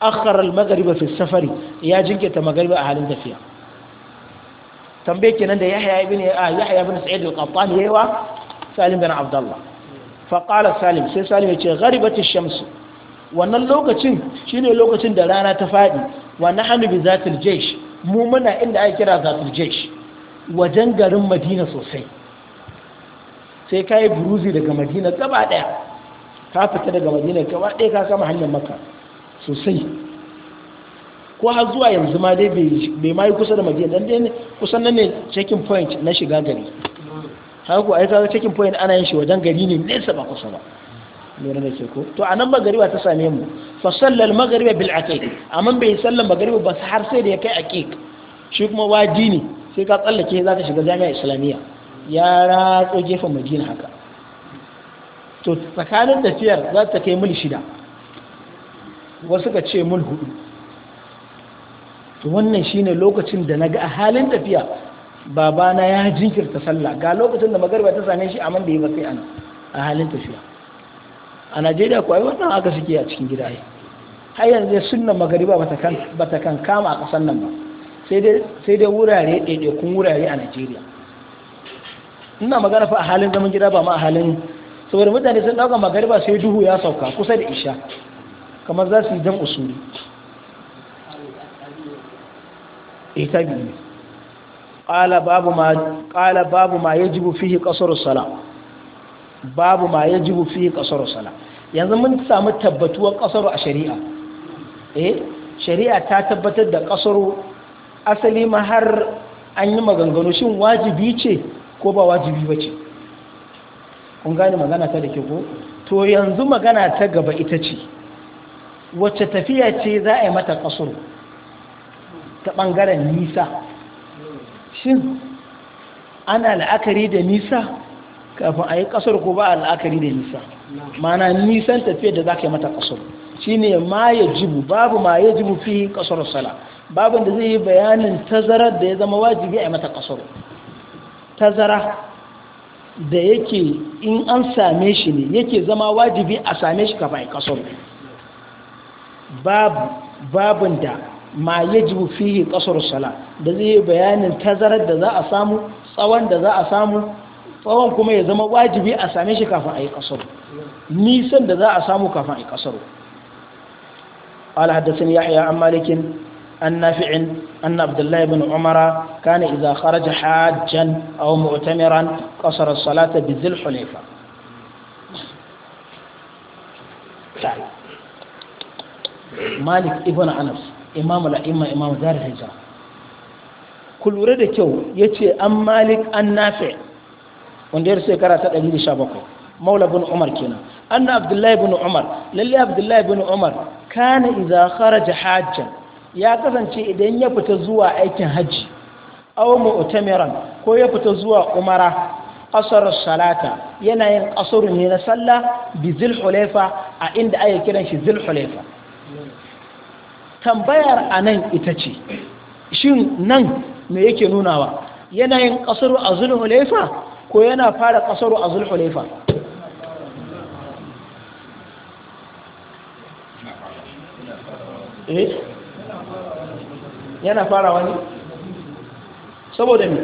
akhar magariba fi safari ya jinkirta magariba a halin tafiya tambaye kenan da yahya ibn ah, yahya ibn sa'id al-qattan yawa salim bin abdullah fa qala salim sai salim ya ce gharibat ash-shams wannan lokacin shine lokacin da rana ta fadi wa nahnu bi zatil jaysh mu muna inda ake kira zatil jaysh wajen garin madina sosai sai ka yi buruzi daga madina gaba ɗaya ka fita daga madina gaba ɗaya ka kama hanyar maka sosai ko har zuwa yanzu ma dai bai ma yi kusa da madina dan dai kusan nan ne checking point na shiga gari haka ko ai kaga checking point ana yin shi wajen gari ne nesa ba kusa ba lura da ke ko to anan magariba ta same mu fa sallal magariba bil aqiq amma bai sallan magariba ba har sai da ya kai aqiq shi kuma waji ne sai ka tsallake za ka shiga jami'a islamiyya ya ratso gefen madina haka to tsakanin tafiyar za ta kai mil shida wasu ka ce mil hudu to wannan shine lokacin da na ga a halin tafiya babana ya jinkirta sallah ga lokacin da magarba ta same shi amma da yi ba ana a halin tafiya a najeriya kuwa yi wannan aka suke a cikin gida yi har yanzu sunnan magariba ba ta kan kama a ƙasar nan ba sai dai wurare ɗaiɗaikun wurare a najeriya ina magana fa a halin zaman gida ba ma a halin saboda mutane sun dauka magariba sai duhu ya sauka kusa da isha kamar za su yi jan usuri ita eh, biyu qala babu ma qala babu ma yajibu fihi qasru salat babu ma yajibu fihi qasru salat yanzu mun samu tabbatuwar qasru a shari'a eh shari'a ta tabbatar da qasru asali ma har an yi maganganu shin wajibi ce ko ba wajibi ba ce kun gane magana ta da ke ko to yanzu magana ta gaba ita ce wacce tafiya ce za a yi mata kasur ta ɓangaren nisa shin ana la'akari da nisa kafin a yi ƙasar ko ba a la'akari da nisa mana nisan tafiya da za ka yi mata kasur shi ne ma ya jibu babu ma ya jibu fi kasur sala babin da zai yi bayanin tazarar da ya zama wajibi a yi mata kasur tazara da yake in an same shi ne yake zama wajibi a same shi kafin kasar babu babun da ma yajibu fihi kasar sala da zai yi bayanin tazarar da za a samu tsawon da za a samu tsawon kuma ya zama wajibi a same shi kafin a yi kasar nisan da za a samu kafin a yi kasar قال حدثني ya عن an nafi'in أن عبد الله بن عمر كان إذا خرج حاجا أو مؤتمرا قصر الصلاة بذي الحليفة طيب. مالك ابن أنس إمام الأئمة إمام دار الهجرة كل ورد كيو يتي أم مالك النافع وندير سيكرا تدعي شابكو مولى بن عمر كنا أن عبد الله بن عمر للي عبد الله بن عمر كان إذا خرج حاجا ya kasance idan ya fita zuwa aikin hajji aw mu'tamiran ko ya fita zuwa umara kasar salata yanayin yin ne na sallah bi zilhulefa a inda ake kiran shi zilhulefa tambayar a nan ita ce shin nan me yake nunawa yanayin yin a zilhulefa ko yana fara qasar a zilhulefa. eh yana farawa ne saboda me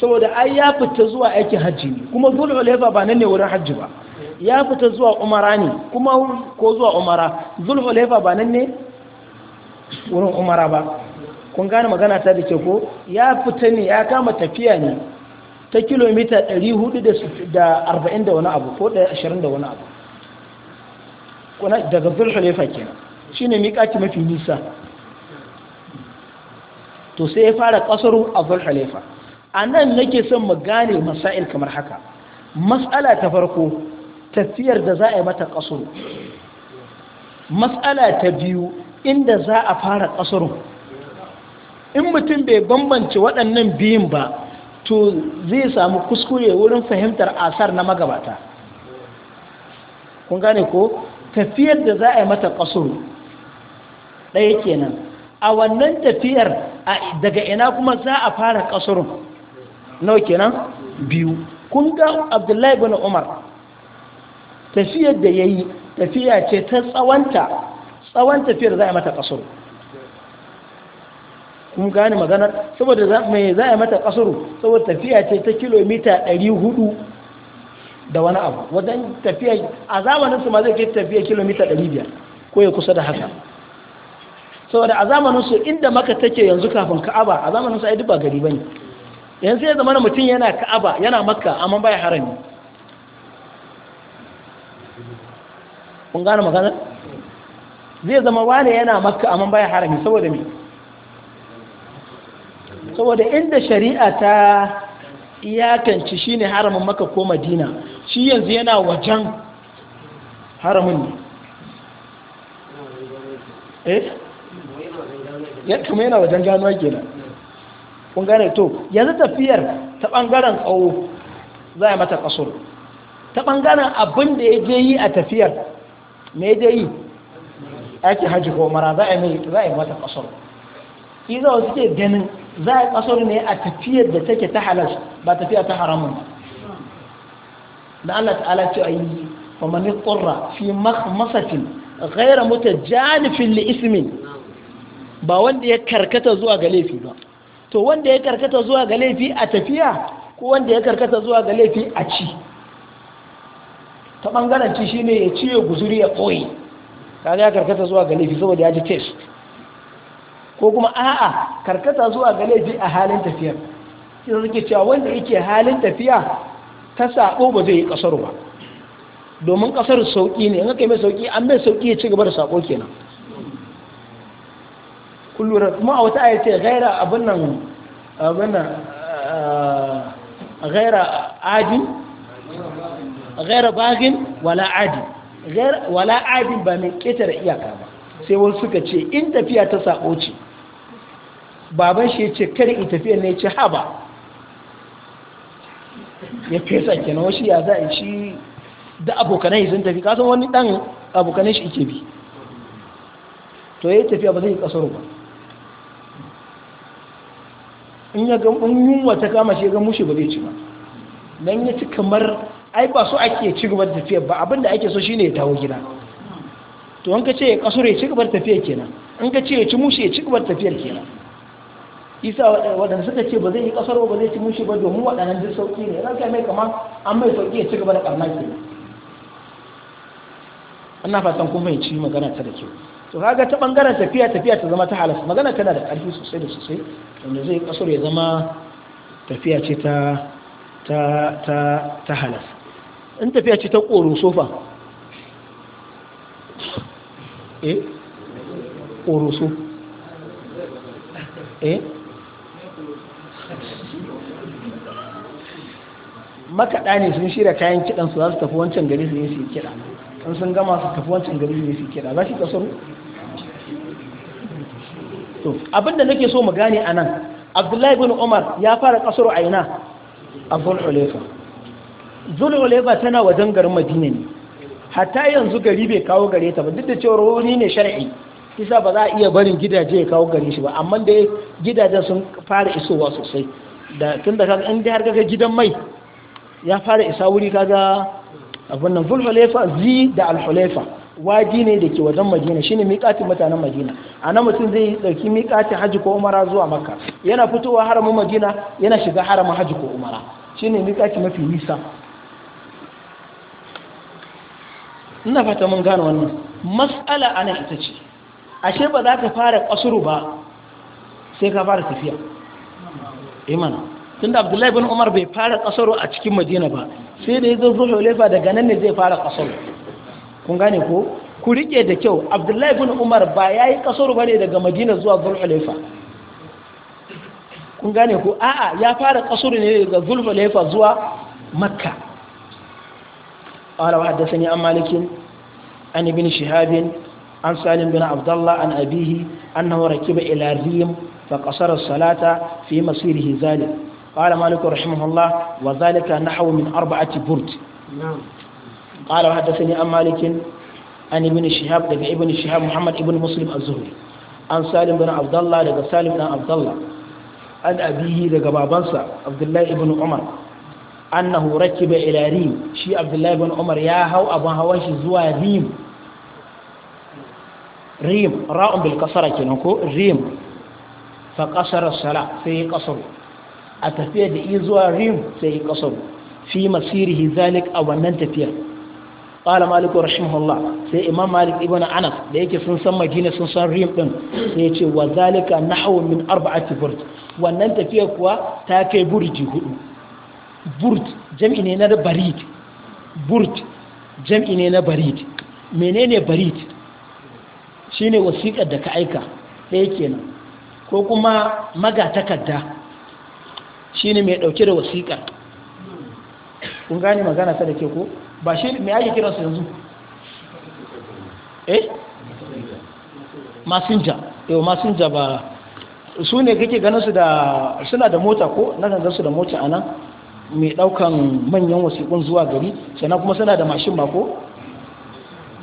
saboda ai ya fita zuwa aikin hajji ne kuma zulul ulaifa ba nan ne wurin hajji ba ya fita zuwa umara ne kuma ko zuwa umara zulul ulaifa ba nan ne wurin umara ba kun gane magana ta da ke ko ya fita ne ya kama tafiya ne ta kilomita 440 da wani abu ko 20 da wani abu daga zulhulefa kenan shine miƙaci mafi nisa to sai ya fara a A halifa anan nake son mu gane masail kamar haka mas'ala ta farko tafiyar da za a yi mata kasaru mas'ala ta biyu inda za a fara kasaru in mutum bai bambance waɗannan biyun ba to zai samu kuskure wurin fahimtar asar na magabata kun gane ko tafiyar da za a yi mata ƙasuru ɗaya kenan a wannan tafiyar daga ina kuma za a fara kasurun nau kenan biyu kun ga abdullahi bin umar tafiyar da ya yi tafiya ce ta tsawanta tsawon tafiyar za a mata kasuru kun gane maganar saboda mai za a mata kasuru saboda tafiya ce ta kilomita 400 da wani abu wajen tafiya a zamanin su ma zai ke tafiya kilomita 500 ko ya kusa da haka saboda a zamanin su inda maka take yanzu kafin ka'aba a zamanin su ai duk ba gari bane yanzu ya zama mutum yana ka'aba yana makka amma bai harami kun gane magana zai zama wane yana makka amma bai harami saboda me saboda inda shari'a ta shi shine haramin maka ko madina shi yanzu yana wajen haramin ne eh ya kuma yana wajen ake kenan kun gane to yanzu tafiyar ta ɓangaren tsawo za a mata ƙasur ta ɓangaren abin da ya je yi a tafiyar me ya je yi ake hajji ko mara za a yi mata ƙasur iza wasu ke ganin za a ƙasur ne a tafiyar da take ta halar ba tafiya ta haramun da Allah ta'ala ce a yi wa ni ƙurra fi masafin ghaira mutu jani li ismin ba wanda ya karkata zuwa ga laifi ba to wanda ya karkata zuwa ga laifi a tafiya ko wanda ya karkata zuwa ga laifi a ci ta bangaren ci shine ya ci ya guzuri ya ɓoye kaga ya karkata zuwa ga laifi saboda ya ji test ko kuma a'a karkata zuwa ga laifi a halin tafiyar sai suke cewa wanda yake halin tafiya ta sako ba zai yi kasar ba domin kasar sauki ne in aka yi mai sauki an mai sauki ya ci gaba da sako kenan kullura kuma a wata aya ce gaira abin nan abin nan gaira adin gaira bagin wala adin wala adin ba mai ƙetare iyaka ba sai wani suka ce in tafiya ta sako ce baban shi ya ce kari in tafiya ne ce haba ya fesa na wasu ya za a shi da abokanai sun tafi kasan wani dan abokanai shi ike bi to ya tafiya ba zai yi kasar ba in ya ga in yunwa ta kama shi ga mushi ba zai ci ba dan ya ci kamar ai ba so ake ci gaba da tafiya ba abinda ake so shine ya dawo gida to an ka ce ya kasu ya ci gaba da tafiya kenan an ka ce ya ci mushi ya ci gaba da tafiyar kenan isa wadanda suka ce ba zai yi kasar ba zai ci mushi ba domin waɗannan duk sauki ne kai mai kamar an mai sauki ya ci gaba da karnaki ana fatan kun fahimci magana ta da kyau to kaga ta bangaren tafiya tafiya ta zama ta halas magana tana da ƙarfi sosai da sosai wanda zai kasar ya zama tafiya ce ta ta ta ta halas in tafiya ce ta ƙoro sofa eh ƙoro so eh makaɗa ne sun shirya kayan su za su tafi wancan gari su yi su yi kiɗa in sun gama su tafi wancan gari su yi su yi kiɗa za shi kasaru to abinda nake so mu gane anan abdullahi bin umar ya fara kasar aina a zulhulefa zulhulefa tana wajen garin madina ne hatta yanzu gari bai kawo gare ta ba duk da cewa wuri ne shar'i kisa ba za a iya barin gidaje ya kawo gare shi ba amma da gidajen sun fara isowa sosai da tun da kaga in har kaga gidan mai ya fara isa wuri kaga abun nan zulhulefa zi da alhulefa wadi ne da ke wajen madina shine miƙatin mutanen madina a nan mutum zai ɗauki miƙatin hajji ko umara zuwa makka yana fitowa haramin madina yana shiga haramin hajji ko umara shine miƙatin mafi nisa ina fata mun gane wannan mas'ala ana ita ce ashe ba za ka fara ƙasuru ba sai ka fara tafiya imana eh tunda abdullahi bin umar bai fara ƙasuru a cikin madina ba sai da ya zo zuwa daga nan ne zai fara ƙasuru kun ku riƙe da kyau abdullahi bin umar ba ya yi ba bane daga madina zuwa zulhulaifa kun gane a'a ya fara kasar ne daga zulhulaifa zuwa makka ala wa'adda sani an malikin an ibin shihabin an salim bin abdullahi an abihi an na wara kiba ilariyin fa kasarar salata fi masiri hizalin ala malikin rahimahullah wa zalika nahawu min arba'ati burt قال وحدثني عن مالك عن ابن شهاب دقى ابن شهاب محمد ابن مسلم الزهري عن سالم بن عبد الله دقى سالم بن عبد الله عن أبيه دقى بابنسا عبد الله بن عمر أنه ركب إلى ريم شي عبد الله بن عمر يا هو أبو هواش زوا ريم ريم راء بالكسرة كنكو ريم فقصر الصلاة في قصر أتفيد إيزوا ريم في قصر في مسيره ذلك أو أن تفيه qala rashin rahimahullah sai imam malik ibn anas da yake sun san madina sun san rim ɗin sai yace wa zalika nahwu min arba'ati burj wannan tafiya kuwa ta kai burji hudu burj jam'i ne na barid burj jam'i ne na barid menene barid shine wasiƙar da ka aika ɗaya kenan ko kuma magatakarda shine mai ɗauke da wasiƙar kun gane magana ta da ke ko ba shi me ake kiransu yanzu eh masinja yau masinja ba su ne kake ganin su da suna da mota ko na gangan su da mota a nan mai daukan manyan wasiƙun zuwa gari sannan kuma suna da mashin ba ko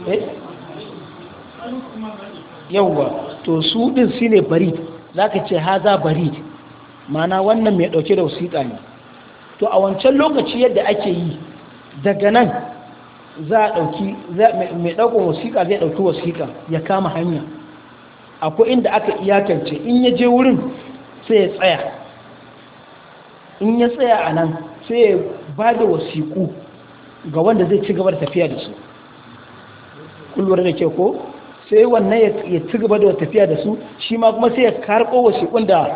eh yauwa to su din su ne barit za ka ce haza barit? mana wannan mai dauke da wasiƙa ne to a wancan lokaci yadda ake yi daga nan za a ɗauki mai ɗaukar wasiƙa zai ɗauki wasiƙa ya kama hanya akwai inda aka iyakance in ya je wurin sai ya tsaya in ya tsaya a nan sai ya ba da wasiƙu ga wanda zai ci gaba da tafiya da su kullum da ke ko sai wannan ya ci gaba da tafiya da su shi ma kuma sai ya karɓo wasiƙun da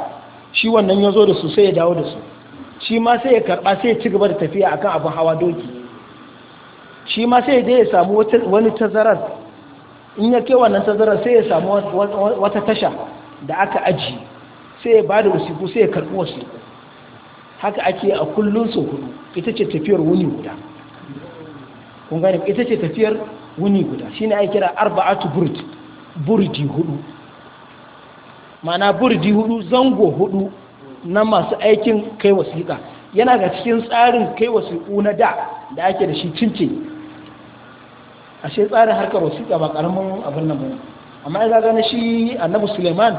shi wannan ya zo da su sai ya dawo da su shi ma sai ya karɓa sai ya ci gaba da tafiya akan abin hawa doki shi ma sai dai ya samu wani tazarar in ya ke wannan tazarar sai ya samu wata tasha da aka aji sai ya ba da wasiku sai ya karɓi wasiku haka ake a kullum sau hudu ita ce tafiyar wuni guda kun gani ita ce tafiyar wuni guda shi ne kira arba'atu burd burdi hudu mana burdi hudu zango hudu na masu aikin kai wasiƙa yana ga cikin tsarin kai wasiƙu na da da ake da shi cince ashe tsarin harkar wasiƙa ba ƙaramin abin nan bane amma ya gane shi annabi suleiman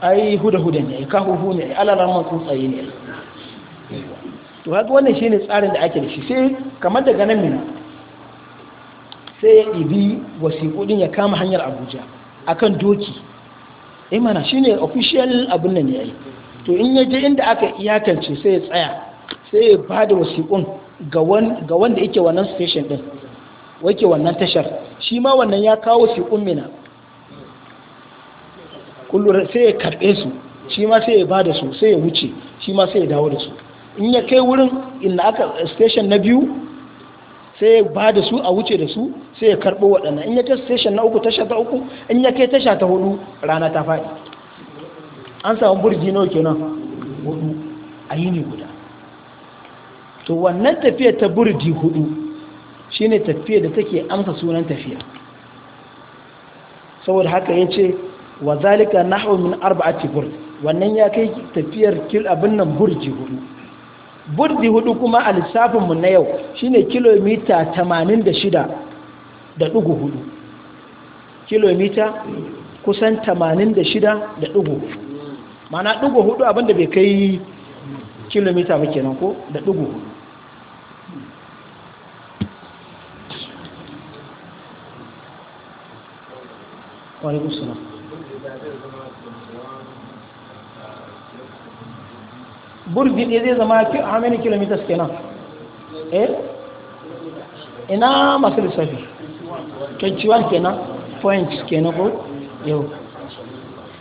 ai huda huda ne ai kahuhu ne ai alalaman tsuntsaye ne to haka wannan shine tsarin da ake da shi sai kamar daga nan mina sai ya ɗibi wasiƙoɗin ya kama hanyar abuja akan doki eh mana shine official abin nan ne ai to in ya je inda aka iyakance sai ya tsaya sai ya ba da wasiƙun ga wanda yake wannan station ɗin. wake wannan tashar shi ma wannan ya kawo fi ummina kullum sai ya karbe su shi ma sai ya ba da su sai ya wuce shi ma sai ya dawo da su in ya kai wurin inda aka station na biyu sai ya ba da su a wuce da su sai ya karɓo waɗannan in ya kai station na uku tasha ta uku in ya kai tasha ta hudu rana ta faɗi an samu burji nawa kenan hudu a yini guda to wannan tafiya ta burji hudu ne tafiya da take amsa sunan tafiya saboda haka ya ce wa zalika hau min arba'ati burdi wannan ya kai tafiyar kil abin nan burji hudu burji hudu kuma a lissafinmu na yau shi ne kilomita 86 da dugu hudu kilomita kusan 86 da dugu mana dugu hudu abinda bai kai kilomita ba kenan ko da dugu hudu wa alaikum salam ɗaya zai zama how many kilometers kenan eh ina masu lissafi 21 kenan point kenan ko yau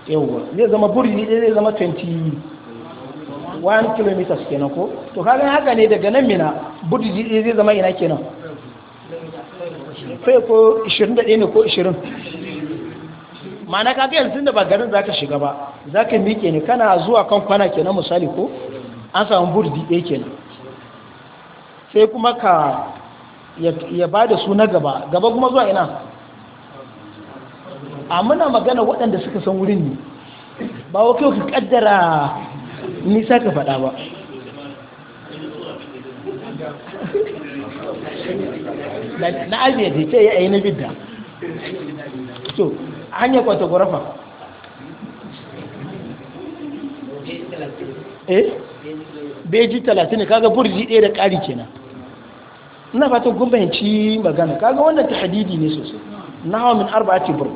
yauwa zai zama burdi ɗaya zai zama 21 kilometers kenan ko to kaga haka ne daga nan mina burdi ɗaya zai zama ina kenan fai ko 21 ne ko 20 ma'ana kaga yanzu da ba garin za ka shiga ba za zaka miƙe ne kana zuwa kan kwana kenan misali ko an samu burdi ɗaya ke sai kuma ka ya ba da su na gaba gaba kuma zuwa ina a muna magana waɗanda suka san wurin ne ba wa kyau ka ƙaddara nisa ka faɗa ba na ajiye da yi ya yi na bidda hanyar kwatagwarafa eh beji talatin kaga burji ɗaya da ƙari kenan ina fatan kun bayanci magana kaga wannan tahdidi ne sosai nahwa min arba'ati bur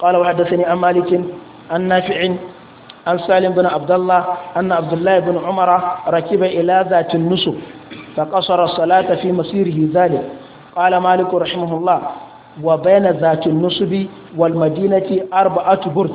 qala wa hadathani an malikin an nafi'in an salim bin abdullah anna abdullah bin umara rakiba ila zatin nusuk fa qasara salata fi masirihi zalik qala malik rahimahullah wa bayyana zatin nusubi wal madinati arba'atu burj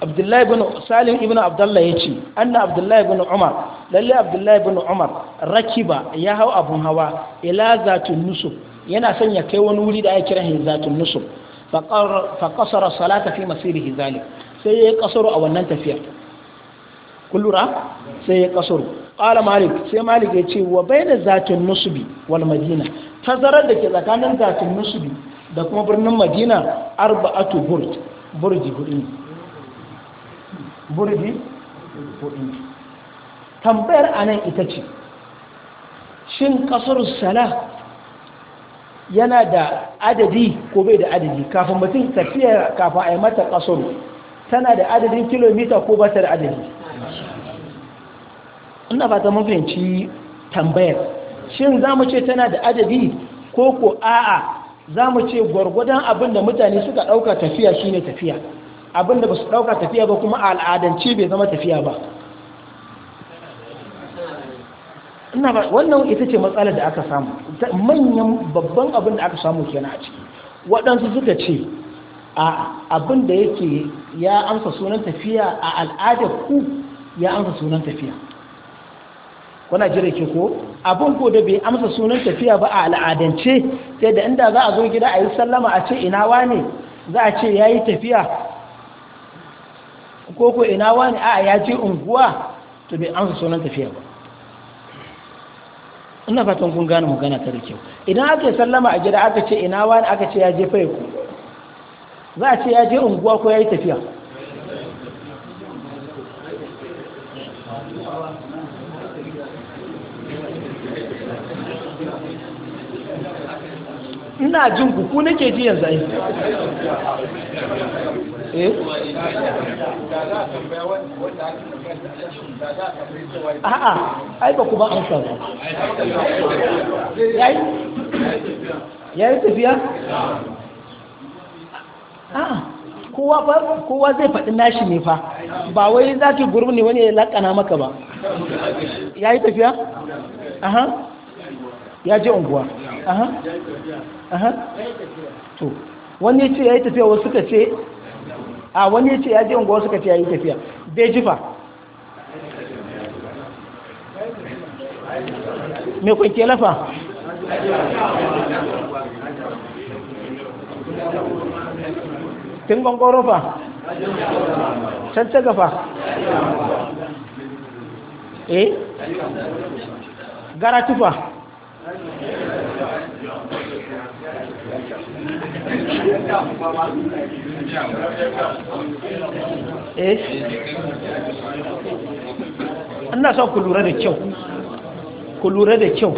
abdullahi bin salim ibn abdullahi ya ce anna abdullahi bin umar lalle abdullahi bin umar rakiba ya hau abun hawa ila zatun nusub, yana son ya kai wani wuri da ya kira hin zatun nusuf fa qasara salata fi masirihi zalik sai ya kasaro a wannan tafiyar kullura sai ya kasuru ƙala malik sai malik ya ce wa bai da zatin nusubi wal madina tazarar da ke tsakanin zatin nusubi da kuma birnin madina arba'atu burj burji hudu ne burji hudu ne tambayar a nan ita ce shin kasar sala yana da adadi ko bai da adadi kafin mutum tafiya kafin a yi mata kasar tana da adadin kilomita ko ba ta da adadi ina ba ta mafiyanci tambayar shin za mu ce tana da adabi ko ko a'a za mu ce gwargwadon abin da mutane suka ɗauka tafiya shine tafiya abin da ba su ɗauka tafiya ba kuma al'adance bai zama tafiya ba wannan ita ce matsalar da aka samu manyan babban abin da aka samu kenan a ciki waɗansu suka ce a abin da yake ya amsa sunan tafiya a al'adar ku ya amsa sunan tafiya kuna jira ki ko Abun ko da bai amsa sunan tafiya ba a al'adance sai da inda za a zo gida a yi sallama a ce ina wane za a ce ya yi tafiya ko ko ina wane a ya je unguwa to bai amsa sunan tafiya ba ina fatan kun gane magana ta rike. idan aka yi sallama a gida aka ce ina wani aka ce ya je faiko za a ce ya je unguwa ko ya yi tafiya ina jin ku ku nake ji yanzu ai eh a'a ai ba ku ba amsa ba yayi yayi tafiya a'a kowa ba kowa zai faɗi nashi ne fa ba wai za ki gurbi ne wani ya lakana maka ba yayi tafiya aha ya je unguwa aha to wani ya ce ya yi tafiya wasu suka ce a wani ya ce ya je unguwa suka ce ya yi tafiya bai jifa mai kwanke lafa tun gwangwaro fa can ta gafa eh gara Eh? ina so ku lura da kyau ku lura da kyau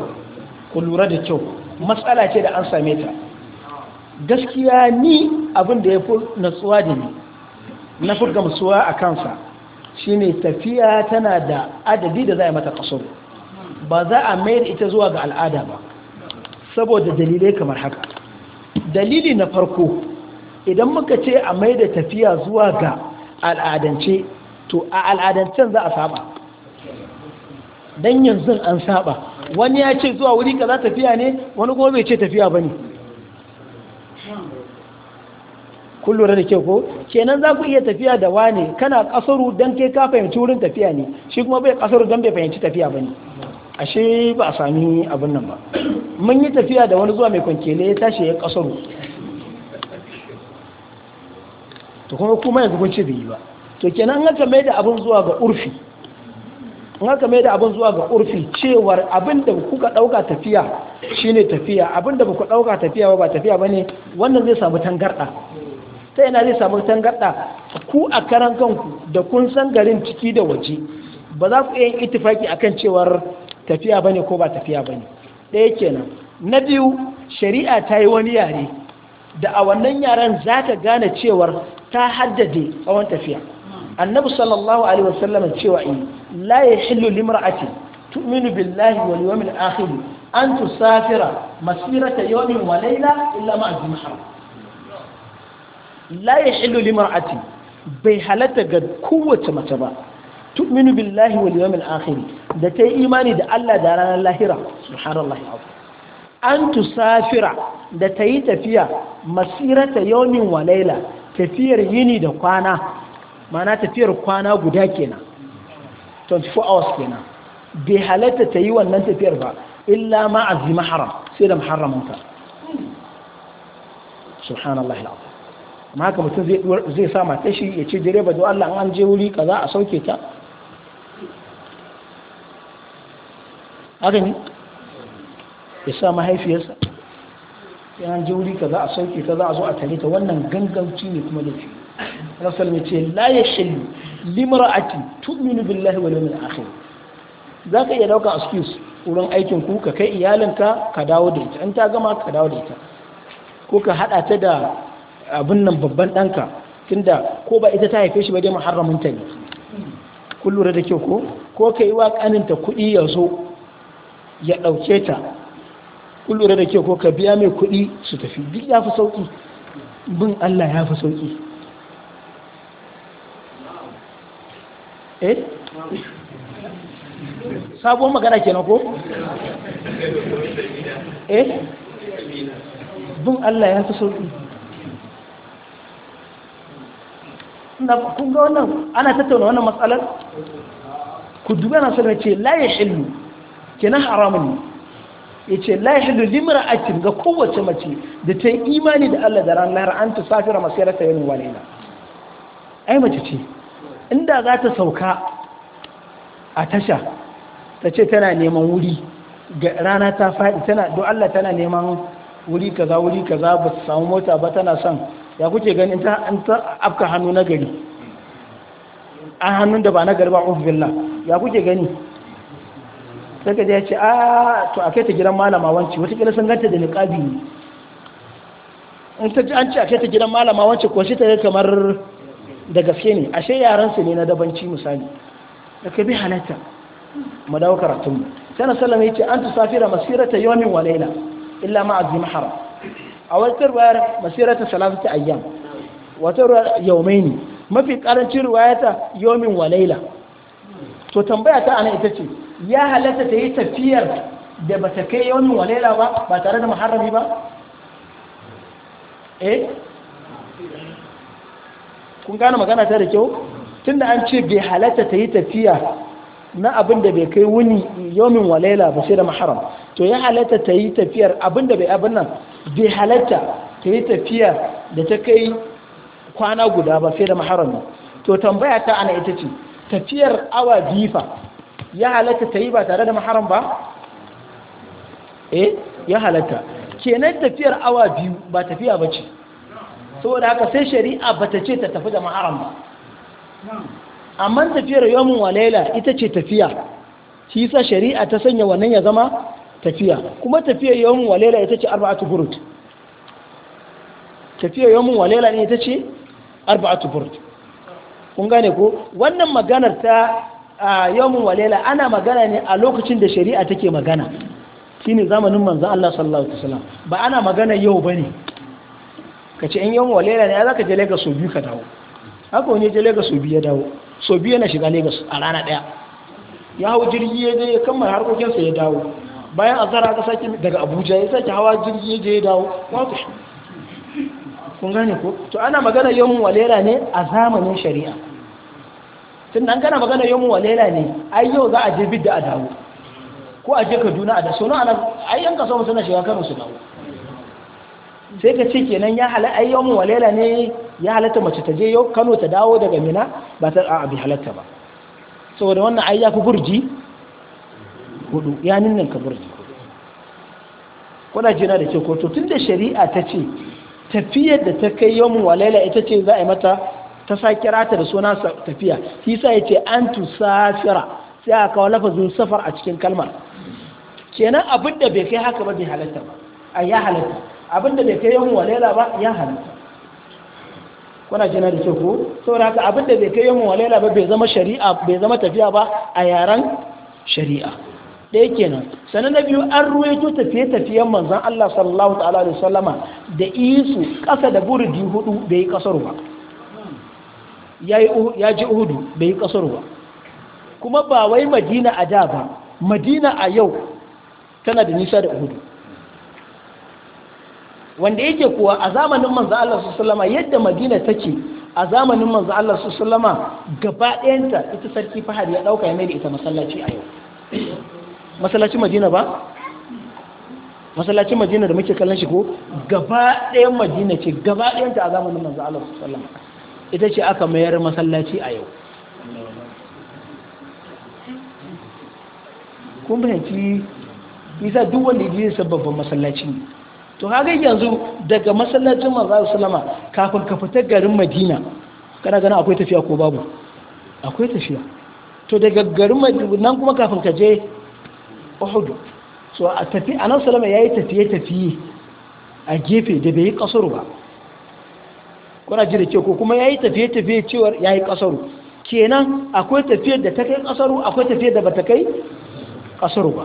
ku lura da kyau matsala ce da an same ta gaskiya ni abin da ya fi natsuwa da ni na fi gamsuwa a kansa shine tafiya tana da adadi da za a mata kasuwa ba za a mayar ita zuwa ga al'ada ba saboda dalilai kamar haka dalili na farko idan muka ce a mai da tafiya zuwa ga al'adance to a al'adancen za a saba don yanzu an saba wani ya ce zuwa wuri ka za tafiya ne wani kuma bai ce tafiya ba ne kullum da ke ko kenan za ku iya tafiya da wane kana kasaru don ke ka fahimci wurin tafiya ne shi kuma bai kasaru don bai fahimci tafiya ba ne ashe ba a sami abin nan ba mun yi tafiya da wani zuwa mai kwankele ya tashi ya kasaru to kuma kuma yanzu kun ce bai yi ba to kenan an aka mai da abin zuwa ga urfi in mai da abin zuwa ga urfi cewar abin da kuka dauka tafiya shine tafiya abin da kuka dauka tafiya ba tafiya ba ne wannan zai samu tangarɗa ta yana zai samu tangarɗa ku a karan kanku da kun san garin ciki da waje ba za ku iya yin itifaki akan cewar tafiya bane ko ba tafiya bane ɗaya kenan na biyu shari'a ta yi wani yare da a wannan yaren za ka gane cewar ta haddade tsawon tafiya annabi sallallahu alaihi wasallam cewa in la yahillu limra'atin tu'minu billahi wal yawmil akhir an tusafira masirata yawmin wa layla illa ma ma'a mahram la yahillu limra'atin bai halatta ga kowace mace ba tu'minu billahi wal yawmil akhir da kai imani da Allah da ranar lahira subhanallahi azim an tusafira da ta yi tafiya masirata yawmin wa Layla tafiyar yini da kwana Ma'ana tafiyar kwana guda kenan 24 hours kenan bai halatta ta wannan tafiyar ba illa ma azima haram sai da muharramanta subhanallahi haka mutum zai sa mata shi ya ce direba don Allah an je wuri kaza a sauke ta haka ne ya sa mahaifiyarsa yana jiwuri ka za a sauke ka za a zo a tare ta wannan ganganci ne kuma da ke rasar mai ce la ya limara ake tu'minu billahi wa yawmil akhir za ka iya daukan excuse wurin aikin ku ka kai iyalinka ka dawo da ita in ta gama ka dawo da ita ko ka hada ta da abin nan babban ɗanka tunda ko ba ita ta haife shi ba dai muharramin ta ne kun lura da kyau ko ko ka yi wa kaninta kuɗi ya zo ya ɗauke ta kun lura da ke ko ka biya mai kuɗi su tafi duk ya fi sauƙi bin Allah ya fi sauƙi eh sabon magana kenan ko eh bin Allah ya fi sauƙi na kunga wannan ana tattauna wannan matsalar ku duba na sun ce la ya kenan haramun ne yace la yahdu limra'atin ga kowace mace da ta yi imani da Allah da ran lahar an ta yi nuna wa layla ai mace ce inda za ta sauka a tasha ta ce tana neman wuri rana ta faɗi tana don Allah tana neman wuri kaza wuri kaza ba su samu mota ba tana son ya kuke ganin ta an ta afka hannu na gari a hannun da ba na gari ba ya kuke gani sai ka je ya ce a ah, to a kai ta gidan malama wance watakila sun ganta da niƙabi ne in ta ji an ce a kai ta gidan malama wance ko shi ta yi kamar da gaske ne ashe su ne na dabanci misali da ka bi halatta mu dawo karatunmu sai na sallama yace an tusafira masirata yawmin wa layla illa ma azim haram a wata ruwayar masirata salatu ayyam wata ruwayar yawmaini mafi karancin ruwayata yawmin wa layla to tambaya ta ana ita ce ya halatta ta yi tafiyar da ba ta kai yawon walela ba ba tare da maharami ba eh kun gane magana ta da kyau tunda an ce bai halatta ta yi tafiya na abin da bai kai wuni yawon walela ba sai da maharam to ya halatta ta yi tafiyar abin da bai abin nan bai halatta ta yi tafiya da ta kai kwana guda ba sai da maharam to tambaya ta ana ita ce tafiyar awa jifa ya halatta ta yi ba tare da maharam ba? eh ya halatta kenan tafiyar awa biyu ba tafiya ba ce saboda haka sai shari'a ba ta ce ta tafi da maharam ba amma tafiyar yomin walaila ita ce tafiya shi sa shari'a ta sanya wannan ya zama tafiya kuma tafiyar yomin walaila ita ce arba'atu burut tafiyar yawon walaila ne ita ce arba'atu burut kun gane ko wannan maganar ta yawon walela ana magana ne a lokacin da shari'a take magana shine zamanin manzon Allah sallallahu alaihi wasallam ba ana magana yau bane kace in yawon walela ne zaka je Lagos sobi biyu ka dawo haka wani je Lagos sobi biyu ya dawo sobi yana shiga Lagos a rana daya ya hau jirgi ya je ya kammala harkokinsa ya dawo bayan azara ka sake daga Abuja ya sake hawa jirgi ya je ya dawo wato kun gane ko to ana magana yawon walela ne a zamanin shari'a tun an gana magana yawon walela ne ai yau za a je bidda a dawo ko a je kaduna a da sono ana ai yan kaso mu suna shiga kano su dawo sai ka ce kenan ya hala ai yawon walela ne ya halatta mace ta je yau kano ta dawo daga mina ba ta a bi halatta ba saboda wannan ai ya ku burji hudu ya ninninka burji kuna jina da ke ko to tun da shari'a ta ce tafiyar da ta kai yawon walaila ita ce za a yi mata ta sa kira ta da suna tafiya shi sa ya ce an tusafira sai a kawo lafazin safar a cikin kalmar kenan abin da bai kai haka ba bai halatta ba a ya halatta abin da bai kai yawon walaila ba ya halatta kuna jina da kyau ko saboda haka abin da bai kai yawon walaila ba bai zama shari'a bai zama tafiya ba a yaren shari'a ɗaya kenan sannan na biyu an ruwaito tafiye-tafiyen manzan Allah sallallahu ta'ala da sallama da isu ƙasa da burudi hudu bai yi ƙasar ba ya ji uhudu bai yi ƙasar ba kuma ba wai madina a da ba madina a yau tana da nisa da uhudu wanda yake kuwa a zamanin manzan Allah sallallahu sallama yadda madina take a zamanin manzan Allah sallallahu sallama gaba ɗayanta ita sarki fahad ya ɗauka ya mai da ita masallaci a yau masallacin madina ba masallacin madina da muke kallon shi ko gaba ɗayan madina ce gaba ɗayan ta a zamanin manzo Allah sallallahu alaihi ita ce aka mayar masallaci a yau kun fahimci isa duk wanda ya sababbin masallaci ne to kaga yanzu daga masallacin manzo sallama kafin ka fita garin madina kana gana akwai tafiya ko babu akwai tafiya to daga garin madina nan kuma kafin ka je uhudu so a tafi anan salama yayi tafiye tafiye a gefe da bai yi kasar ba kuna ji da ke ko kuma yayi tafiye tafiye cewar yayi kasaru kenan akwai tafiyar da ta kai kasaru akwai tafiyar da ba ta kai kasaru ba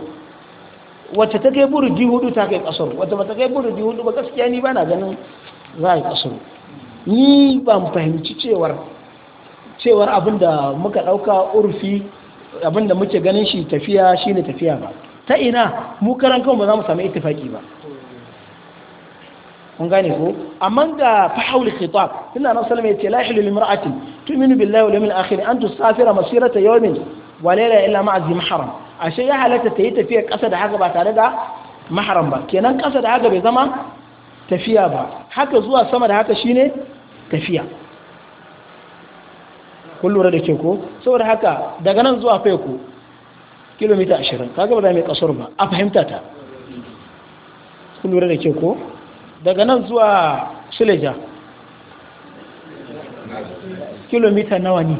wacce ta kai burudi hudu ta kai kasaru wacce ba ta kai burudi hudu ba gaskiya ni ba na ganin za a yi kasar ni ban fahimci cewar cewar abin da muka ɗauka urfi abin da muke ganin shi tafiya shine tafiya ba ta ina mu karan kanmu ba za mu samu ittifaki ba kun gane ko amma ga fahaul khitab inna nabi sallallahu alaihi wasallam yace la yahlu limra'atin tu'minu billahi wal yawmil akhir an tusafira masirata yawmin wa layla illa ma'a zi mahram ashe ya halatta ta yi tafiya ƙasa da haka ba tare da mahram ba kenan ƙasa da haka bai zama tafiya ba haka zuwa sama da haka shine tafiya kun lura da ke ko saboda haka daga nan zuwa faiku kilomita ashirin kaga ba za mai kasar ba a fahimta ta kun lura da ke ko daga nan zuwa suleja kilomita nawa ne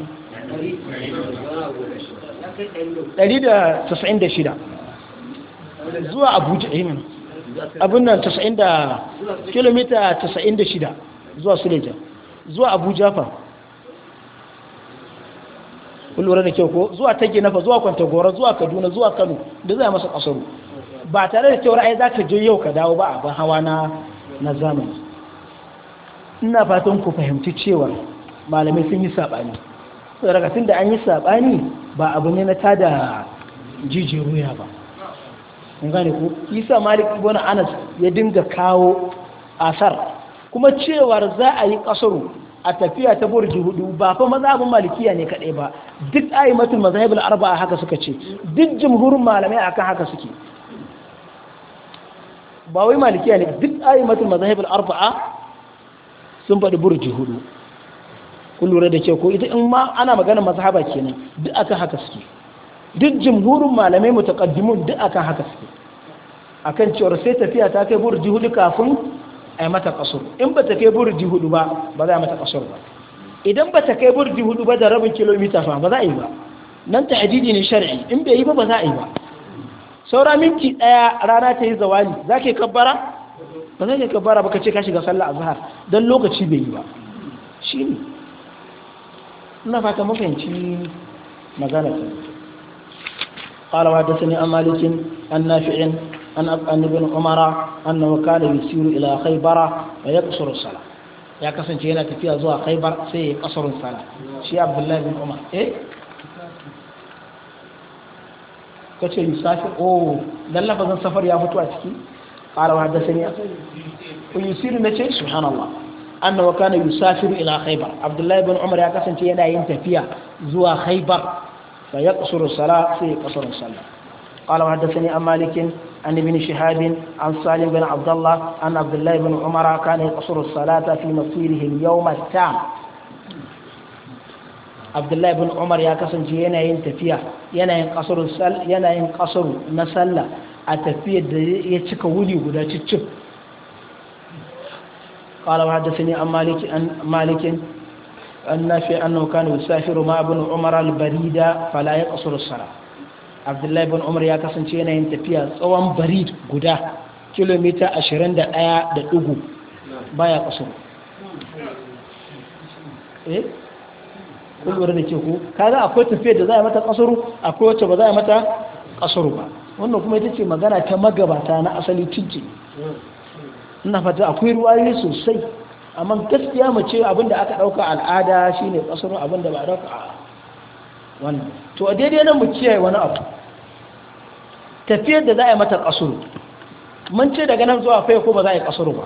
196 zuwa abuja imin eh, abin nan 90 kilomita 96 zuwa suleja zuwa abuja fa kun da kyau ko zuwa take nafa zuwa kwanta gora zuwa kaduna zuwa kano da zai masa kasaru ba tare da cewa ai za ka je yau ka dawo ba a ban hawa na na zamani ina fatan ku fahimci cewa malamai sun yi sabani saboda tun da an yi saɓani ba abu ne na tada jijiyar wuya ba in gane ku isa malik ibn anas ya dinga kawo asar kuma cewar za a yi kasaru a tafiya ta burji hudu ba fa mazhabin malikiya ne kadai ba duk aimatul mazhabul arba'a haka suka ce duk jumhurin malamai akan haka suke ba wai malikiya ne duk aimatul mazhabul arba'a sun faɗi burji hudu kun lura da ke ko ita in ma ana maganar mazhaba kenan duk akan haka suke duk jumhurin malamai mutaqaddimun duk akan haka suke akan cewa sai tafiya ta kai burji hudu kafin a mata kasur in ba ta kai burji hudu ba ba za a mata kasur ba idan ba ta kai burji hudu ba da rabin kilomita fa ba za a yi ba nan ta hadidi ne shari'i in bai yi ba ba za a yi ba saura minti daya rana ta yi zawali za ka yi kabbara ba za ka yi kabbara ba ka ce ka shiga sallah azhar dan lokaci bai yi ba shine ina fata mafanci magana ta قال وحدثني أمالك مالك نافع an ibn umara annahu kana yusiru ila khaybara wa yaqsuru salah ya kasance yana tafiya zuwa khaybar sai ya kasurun salah shi abdullahi bin umar eh kace yusafi oh dan lafazin safar ya fito a ciki qala wa hadathani yusiru nace subhanallah annahu kana yusafiru ila khaybar abdullahi bin umar ya kasance yana yin tafiya zuwa khaybar fa yaqsuru sai ya kasurun salah qala wa hadathani malikin عن ابن شهاب عن سالم بن عبد الله عن عبد الله بن عمر كان يقصر الصلاة في مسيره اليوم التام عبد الله بن عمر يا كسن yana yin tafiya yana yin kasaru yana yin kasaru na sallah a tafiyar da ya cika wuri guda ciccin قال وحدثني عن مالك عن مالك النافع أنه كان يسافر مع ابن عمر البريدة فلا يقصر الصلاة abdullahi bin umar ya kasance yanayin tafiya tsawon bari guda kilomita ashirin da ɗugu baya kusur eh kulwar da ke ku kaga akwai tafiya da za a mata kasuru akwai wacce ba za a mata kasuru ba wannan kuma ita ce magana ta magabata na asali tijji ina fata akwai ruwayoyi sosai amma gaskiya mu ce abinda aka dauka al'ada shine kasuru abinda ba a dauka wannan to a daidai nan mu kiyaye wani abu tafiyar da za a yi mata kasuru mun ce daga nan zuwa fai ko ba za a yi kasuru ba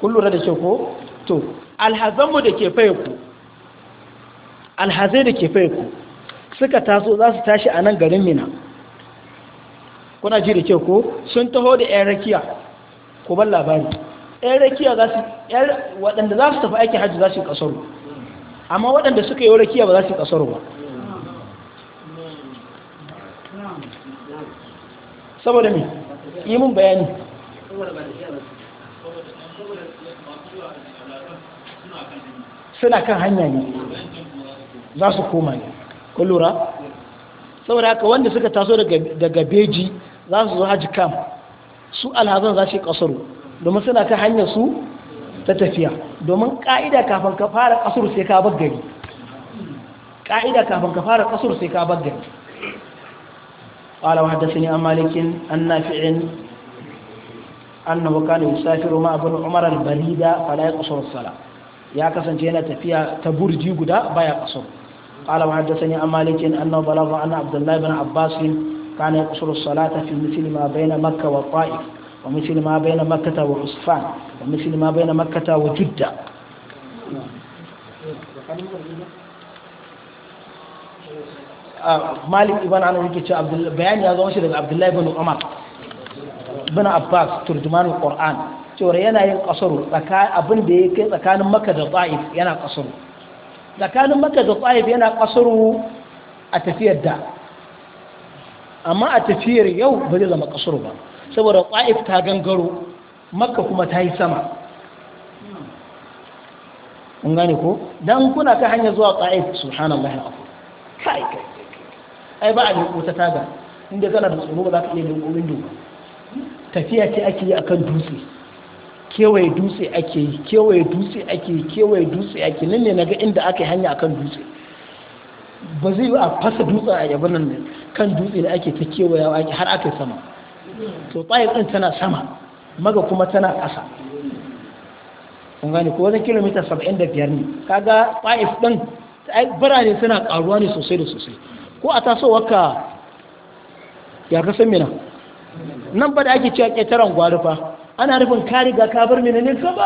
kun lura da ke ko to alhazanmu da ke fai ku alhazai da ke fai ku suka taso za su tashi a nan garin mina kuna ji da ke ko sun taho da 'yan rakiya ko ban labari 'yan rakiya za su waɗanda za su tafi aikin hajji za su yi kasuru amma waɗanda suka yi rakiya ba za su yi kasuru ba saboda me yi mun bayani suna kan hanya ne za su koma ne kullura lura saboda haka wanda suka taso daga beji za su zo hajji kam su alhazan za su yi kasaru domin suna kan hanyar su ta tafiya domin ka'ida kafin ka fara kasuru sai ka bar ka'ida kafin ka fara kasuru sai ka bar قال وحدثني عن مالك عن نافع أنه كان يسافر مع ابن عمر البريدة فلا يقصر الصلاة يا كسن جينا تفيا تبرجي قدا بايا قصر قال وحدثني عن مالك أنه بلغ أن عبد الله بن عباس كان يقصر الصلاة في مثل ما بين مكة والطائف ومثل ما بين مكة وعصفان ومثل ما بين مكة وجدة malik ibn anu yake ce bayani ya zama shi daga abdullahi ibn umar ibn abbas turjumanu qur'an cewa yana yin kasaru abin da yake kai tsakanin Makka da ta'if yana kasaru tsakanin Makka da ta'if yana kasaru a tafiyar da amma a tafiyar yau ba zai zama kasaru ba saboda ta'if ta gangaro makka kuma ta yi sama kun gane ko dan kuna ta hanyar zuwa ta'if subhanallahi kai kai ai ba a leƙo ta taga inda kana da tsoro ba za ka iya leƙo windo ba tafiya ce ake yi akan dutse kewaye dutse ake yi kewaye dutse ake yi kewaye dutse ake nan ne na ga inda aka yi hanya akan dutse ba zai yi a fasa dutse a yabi nan ne kan dutse da ake ta kewayawa ake har aka sama to tsayin ɗin tana sama maga kuma tana ƙasa kun gane ko wajen kilomita 75 ne kaga tsayin ɗin birane suna ƙaruwa ne sosai da sosai ko a tasowarka ya san mina nan ba da ake cewa ƙetaren gwarufa ana rufin ka riga ka bar mina ne gaba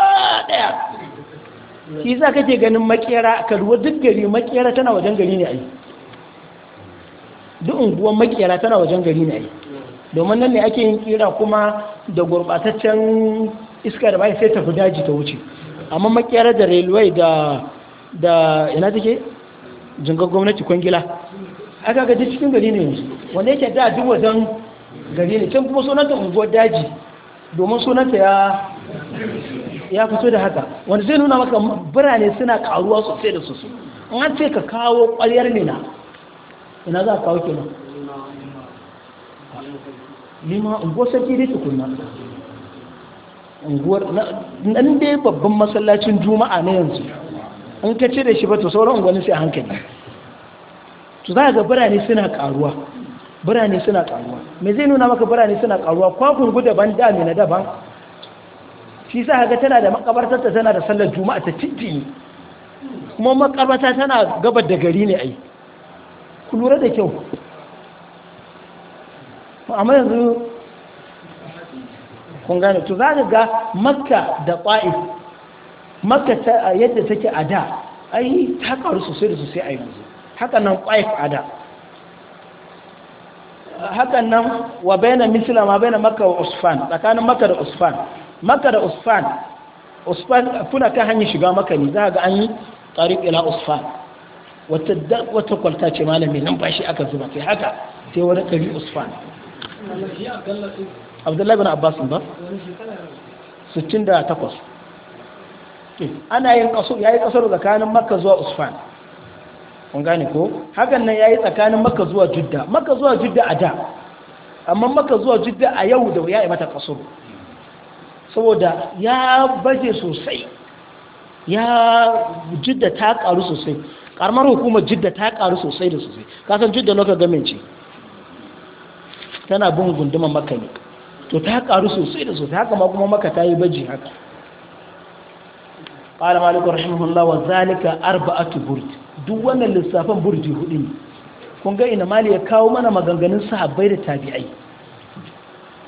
ɗaya shi za ke ganin makera ka ruwa duk gari makera tana wajen gari ne a yi duk unguwan makera tana wajen gari ne a yi domin nan ne ake yin kira kuma da gurbataccen iska da bayan sai tafi daji ta wuce amma makera da railway da da ina take jingar gwamnati kwangila aka gaji cikin gari ne yanzu wanda yake da duk wajen gari ne can kuma sunanta unguwar daji domin sunanta ya ya fito da haka wanda zai nuna maka birane suna karuwa sosai da sosai an ce ka kawo ƙwaryar nina ina za a kawo kenan nima unguwar sarki dai tukunna unguwar nan dai babban masallacin juma'a na yanzu in ka cire shi ba to sauran unguwanni sai hankali to za ga birane suna karuwa birane suna karuwa me zai nuna maka birane suna karuwa gudu daban dami na daban shi sa ga tana da makabartarta tana da sallar juma'a ta titi ne. kuma makabarta tana gabar da gari ne ai ku lura da kyau amma yanzu kun gane to za ga makka da ƙwa'if makka yadda take a da ai ta karu sosai da sosai a yanzu haka nan ƙwaif a da haka nan wa baina misila ma baina maka wa usfan tsakanin maka da usfan maka da usfan usfan kuna kan hanyar shiga maka ne za ga an yi tariq ila usfan wata wata kwalta ce malami nan bashi aka zuba sai haka sai wani kari usfan abdullahi bin abbasin ba 68 ana yin kaso yayi kasar tsakanin maka zuwa usfan kun gane ko hakan nan yayi tsakanin maka zuwa judda maka zuwa judda a da amma maka zuwa judda a yau da ya yi mata kasuru saboda ya baje sosai ya jidda ta karu sosai karamar hukumar jidda ta karu sosai da sosai kasan jidda gamin ce tana bin gundumar maka ne to ta karu sosai da sosai haka ma kuma maka ta yi baji haka قال مالك رحمه الله وذلك أربعة برد duk wannan lissafin burji hudu ne kun ga ina mali ya kawo mana maganganun sahabbai da tabi'ai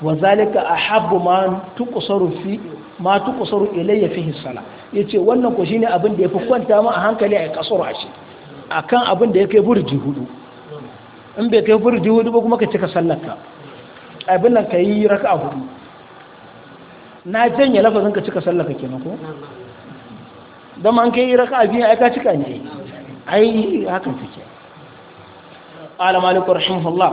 wa zalika ahabbu ma tuqsaru fi ma tuqsaru ilayya fihi sala yace wannan ko shine abin da yafi kwanta mu a hankali a kasoro a shi akan abin da yake burji hudu in bai kai burji hudu ba kuma ka cika sallarka abin nan kai raka'a hudu na janye lafazin ka cika sallarka kenan ko dan man kai raka'a biyu ai ka cika ne ainihi hakan take qala malik rahimahullah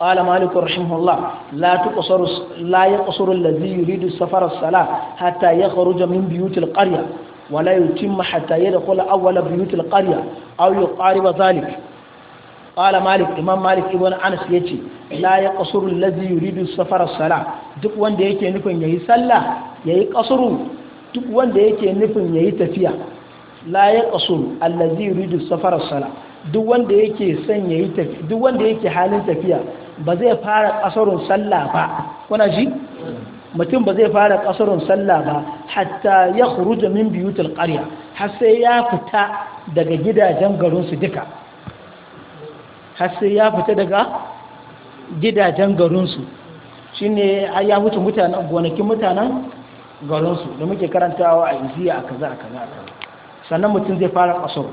qala malik rahimahullah la tuqsaru la yaqsaru alladhi yuridu safar as-salah hatta yakhruja min buyut al-qarya wa la yutimma hatta yadkhul awwal buyut al-qarya aw yuqarib dhalik qala malik imam malik ibn anas yace la yaqsaru alladhi yuridu safar as duk wanda yake nufin yayi sallah yayi qasru duk wanda yake nufin yayi tafiya la ya qasul allazi yuridu safar sala duk wanda yake son yayi tafi duk wanda yake halin tafiya ba zai fara kasarun sallah ba kuna ji mutum ba zai fara kasarun sallah ba hatta ya khuruja min biyutul qarya har sai ya fita daga gidajen garin su duka har sai ya fita daga gidajen garin su shine ya mutu mutanen gonakin mutanen garinsu da muke karantawa a yanzu a kaza a kaza a kaza sannan mutum zai fara kasar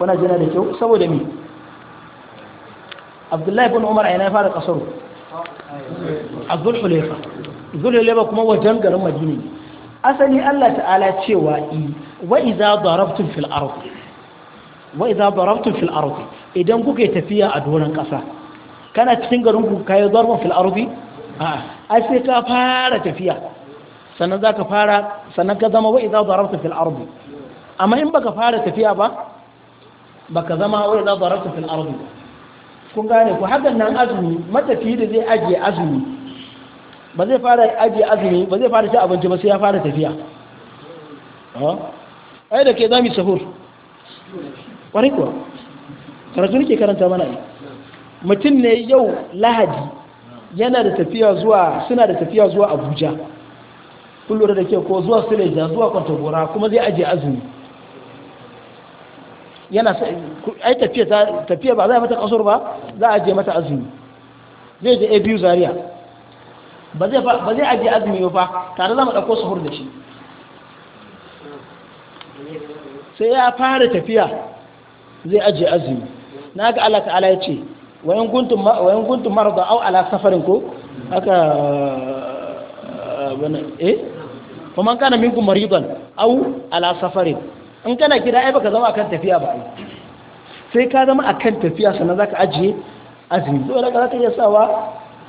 kuna jina da kyau saboda mi abdullahi bin umar aina ya fara kasar abdul hulaifa abdul kuma wajen garin madini asali allah ta'ala cewa i wa'iza iza darabtum fil ardi fil ardi idan kuke tafiya a doron kasa kana cikin garin ku kai zarfin fil ardi a sai ka fara tafiya sannan za ka fara sannan ka zama wa idza darabta fil ardi amma in baka fara tafiya ba baka zama wa idza darabta fil ardi kun gane ku hakan nan azumi matafi da zai ajiye azumi ba zai fara ajiye azumi ba zai fara ci abinci ba sai ya fara tafiya ai da ke zami sahur ƙwarai kuwa karatu nake karanta mana ne mutum ne yau lahadi yana da tafiya zuwa suna da tafiya zuwa abuja kun da ke ko zuwa suleja zuwa gora kuma zai ajiye azumi yana ai tafiya ba za a mata kasar ba za a ajiye mata azumi zai je a biyu zaria ba zai ajiye azumi ba tare za mu ɗauko suhur da shi sai ya fara tafiya zai ajiye azumi na ga Allah ta'ala ya ce wayan guntun marada au ala safarin ko haka eh kuma man kana minkum maridan au ala safarin in kana gida ai baka zama akan tafiya ba sai ka zama akan tafiya sannan zaka ajiye azumi to ka zaka iya sawa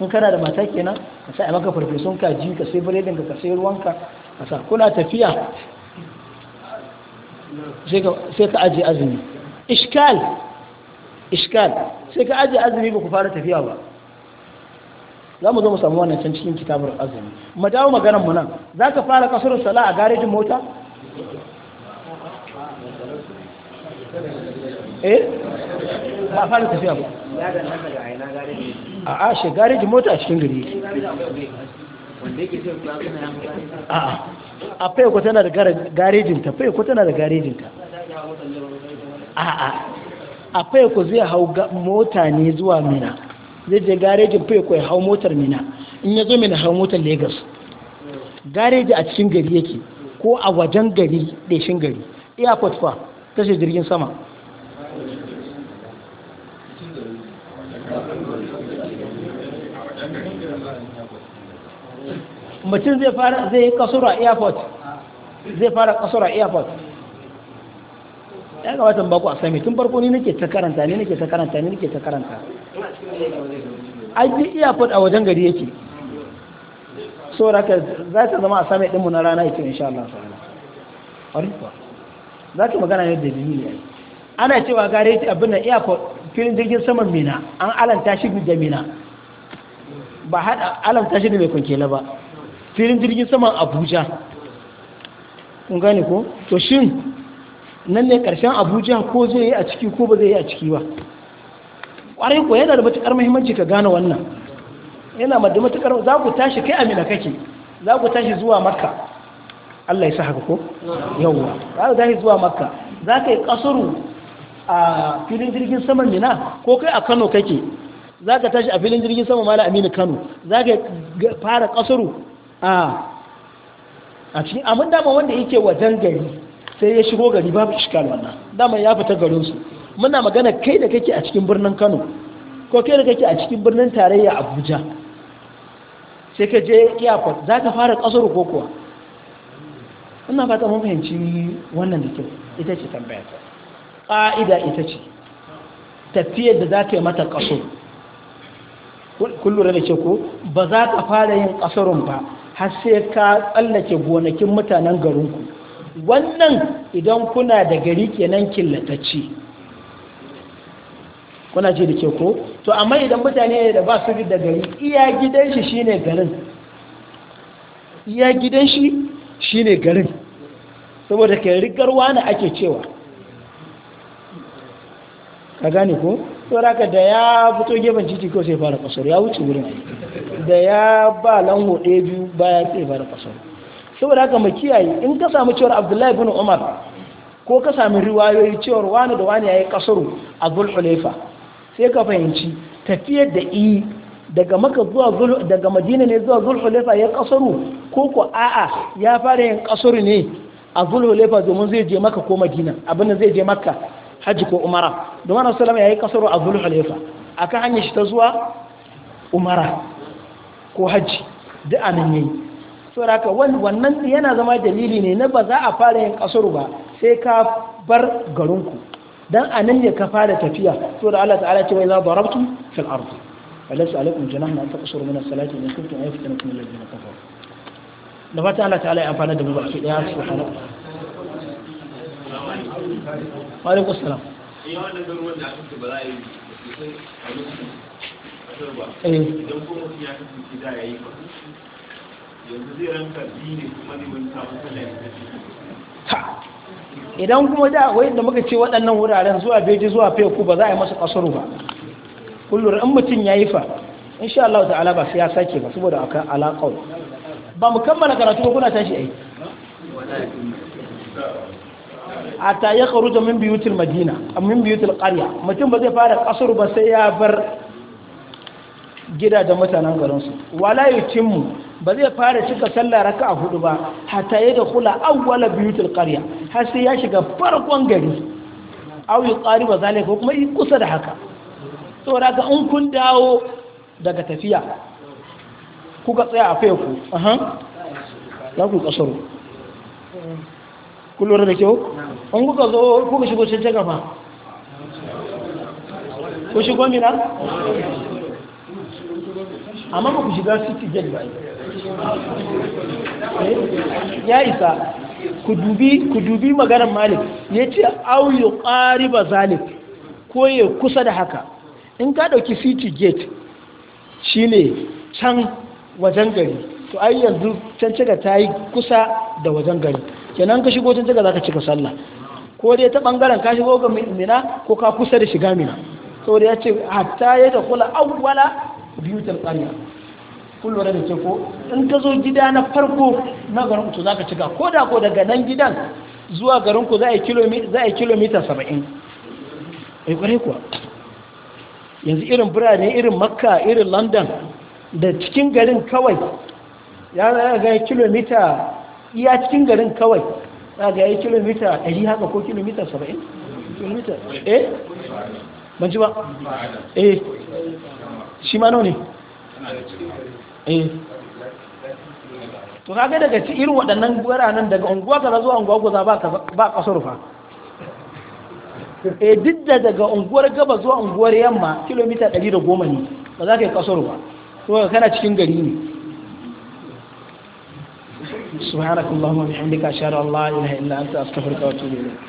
in kana da mata kenan ka sai maka farfesun ji, ka sai biredin ka sai ruwanka ka sa kuna tafiya sai ka ajiye azumi iskal iskal sai ka ajiye azumi ba ku fara tafiya ba za mu zo mu samu wannan can cikin kitabar azumi mu dawo maganar mu nan za ka fara kasar sala a garejin mota eh ba fara tafiya ba a a shi garejin mota a cikin gari a a fai ko tana da garejinta fai ko tana da garejinta A'a, a a fai ko zai hau mota ne zuwa mina zai je garejin fai kwai hau motar mina in ya zo mina hau motar lagos gareji a cikin gari yake ko a wajen gari ɗeshin gari airport fa tashi jirgin sama mutum zai fara zai kasura airport zai fara kasura airport ya kamata ba ku a sami tun farko ni nake ta karanta ni nake ta karanta ni nake ta karanta ai duk airport a wajen gari yake so raka za ta zama a sami din mu na rana ita insha Allah ta'ala arifa za ka magana ne da dini ana cewa gare ta abin nan iya filin jirgin saman mina an alanta shi da mina ba hada alanta shi da mai kunkela ba filin jirgin saman abuja kun gane ko to shin nan ne ƙarshen abuja ko zai yi a ciki ko ba zai yi a ciki ba ƙwarai ko yana da matuƙar muhimmanci ka gane wannan yana da matuƙar za ku tashi kai amina kake za ku tashi zuwa makka allah ya sa haka ko yawwa za ku tashi zuwa makka za ka yi ƙasaru a filin jirgin saman mina ko kai a kano kake za ka tashi a filin jirgin sama mala aminu kano za ka fara ƙasaru a cikin amin dama wanda yake wajen gari sai ya shigo gari babu iskal wannan dama ya fita garin su muna magana kai da kake a cikin birnin Kano ko kai da kake a cikin birnin tarayya Abuja sai ka je za ka fara kasar ko kuwa ina fata mun fahimci wannan da kyau ita ce tambaya ta ƙa'ida ita ce tafiyar da za ka yi mata ƙasar kullum da ce ko ba za ka fara yin ƙasarun ba har sai ka tsallake gonakin mutanen garinku wannan idan kuna da gari kenan killatacce kuna ce da ke ko to amma idan mutane da ba su da gari iya gidan shi shine garin iya gidan shi shine garin saboda kai rigar wani ake cewa ka gane ko tsoraka da ya fito gefen titi ko sai fara kasar ya wuce wurin da ya ba lanho ɗaya biyu baya sai fara kasar saboda haka mai kiyaye in ka samu cewar abdullahi bin umar ko ka sami riwayoyi cewar wani da wani yi kasaru a zulhulefa sai ka fahimci tafiyar da i daga maka zuwa daga madina ne zuwa zulhulefa ya kasaru ko ko a'a ya fara yin kasaru ne a zulhulefa domin zai je maka ko madina abinda zai je maka hajji ko umara domin rasulullah sallallahu alaihi wasallam yayi kasaru a zulhulaifa hanyar shi ta zuwa umara ko hajji duk anan yayi saboda wannan yana zama dalili ne na ba za a fara yin kasar ba sai ka bar garinku a nan ne ka fara tafiya saboda Allah ta'ala ce wai za fil alaysa alaikum min as-salati in kuntum alladhina kafaru da fata Allah ta'ala ya amfana da mu daya subhanahu wa alaikum assalam eh idan kuma da wai da muka ce waɗannan wuraren zuwa beji zuwa feku ba za a yi masa ƙasaru ba kullum in mutum ya yi fa insha Allah ta'ala ba sai ya sake ba saboda akan alaƙau ba mu kammala karatu ba kuna tashi ai hatta ya karu min biyutil madina min biyutil karya mutum ba zai fara ƙasaru ba sai ya bar gida da mutanen garinsu wala wala yutimmu ba zai fara cika sallah raka a hudu ba ta yi da kula awwala biyutul qarya har sai ya shiga farkon gari aw qari ba zalika ko kuma kusa da haka saboda ga in kun dawo daga tafiya kuka tsaya a fayo ku aha za ku kasaro ku lura da kyau in kuka zo kuka shigo sai ta gaba ku shigo mina amma ku shiga city gate ba ya isa ku dubi maganar malik yace au yuqariba zalik ko ya kusa da haka in ka ɗauki city gate shine can wajen gari to ai yanzu can cika ta kusa da wajen gari kenan ka shigo can cika zaka cika sallah ko dai ta bangaren ka shigo ga mina ko ka kusa da shiga mina saboda yace ce hatta ya ta kula awwala biyutar ƙarya kun lura da ke ko in ka zo gida na farko na garin ku za ka cika ko da ko daga nan gidan zuwa garin ku za a yi kilomita saba'in eh, ai kware kuwa yanzu irin birane irin makka irin london da cikin garin kawai ya ga ya kilomita iya cikin garin kawai za ga ya kilomita 100 haka ko kilomita 70 kilomita eh ban ci ba eh shi ma nau ne Eh. to kaga daga ci irin waɗannan guraren daga unguwa ka zuwa unguwa guza ba kasar fa E duk da daga unguwar gaba zuwa unguwar yamma kilomita 110 ne ba za ka yi kasar rufa to kana cikin gari ne subhanakallahumma bihamdika ashhadu an la ilaha illa anta astaghfiruka wa atubu ilayk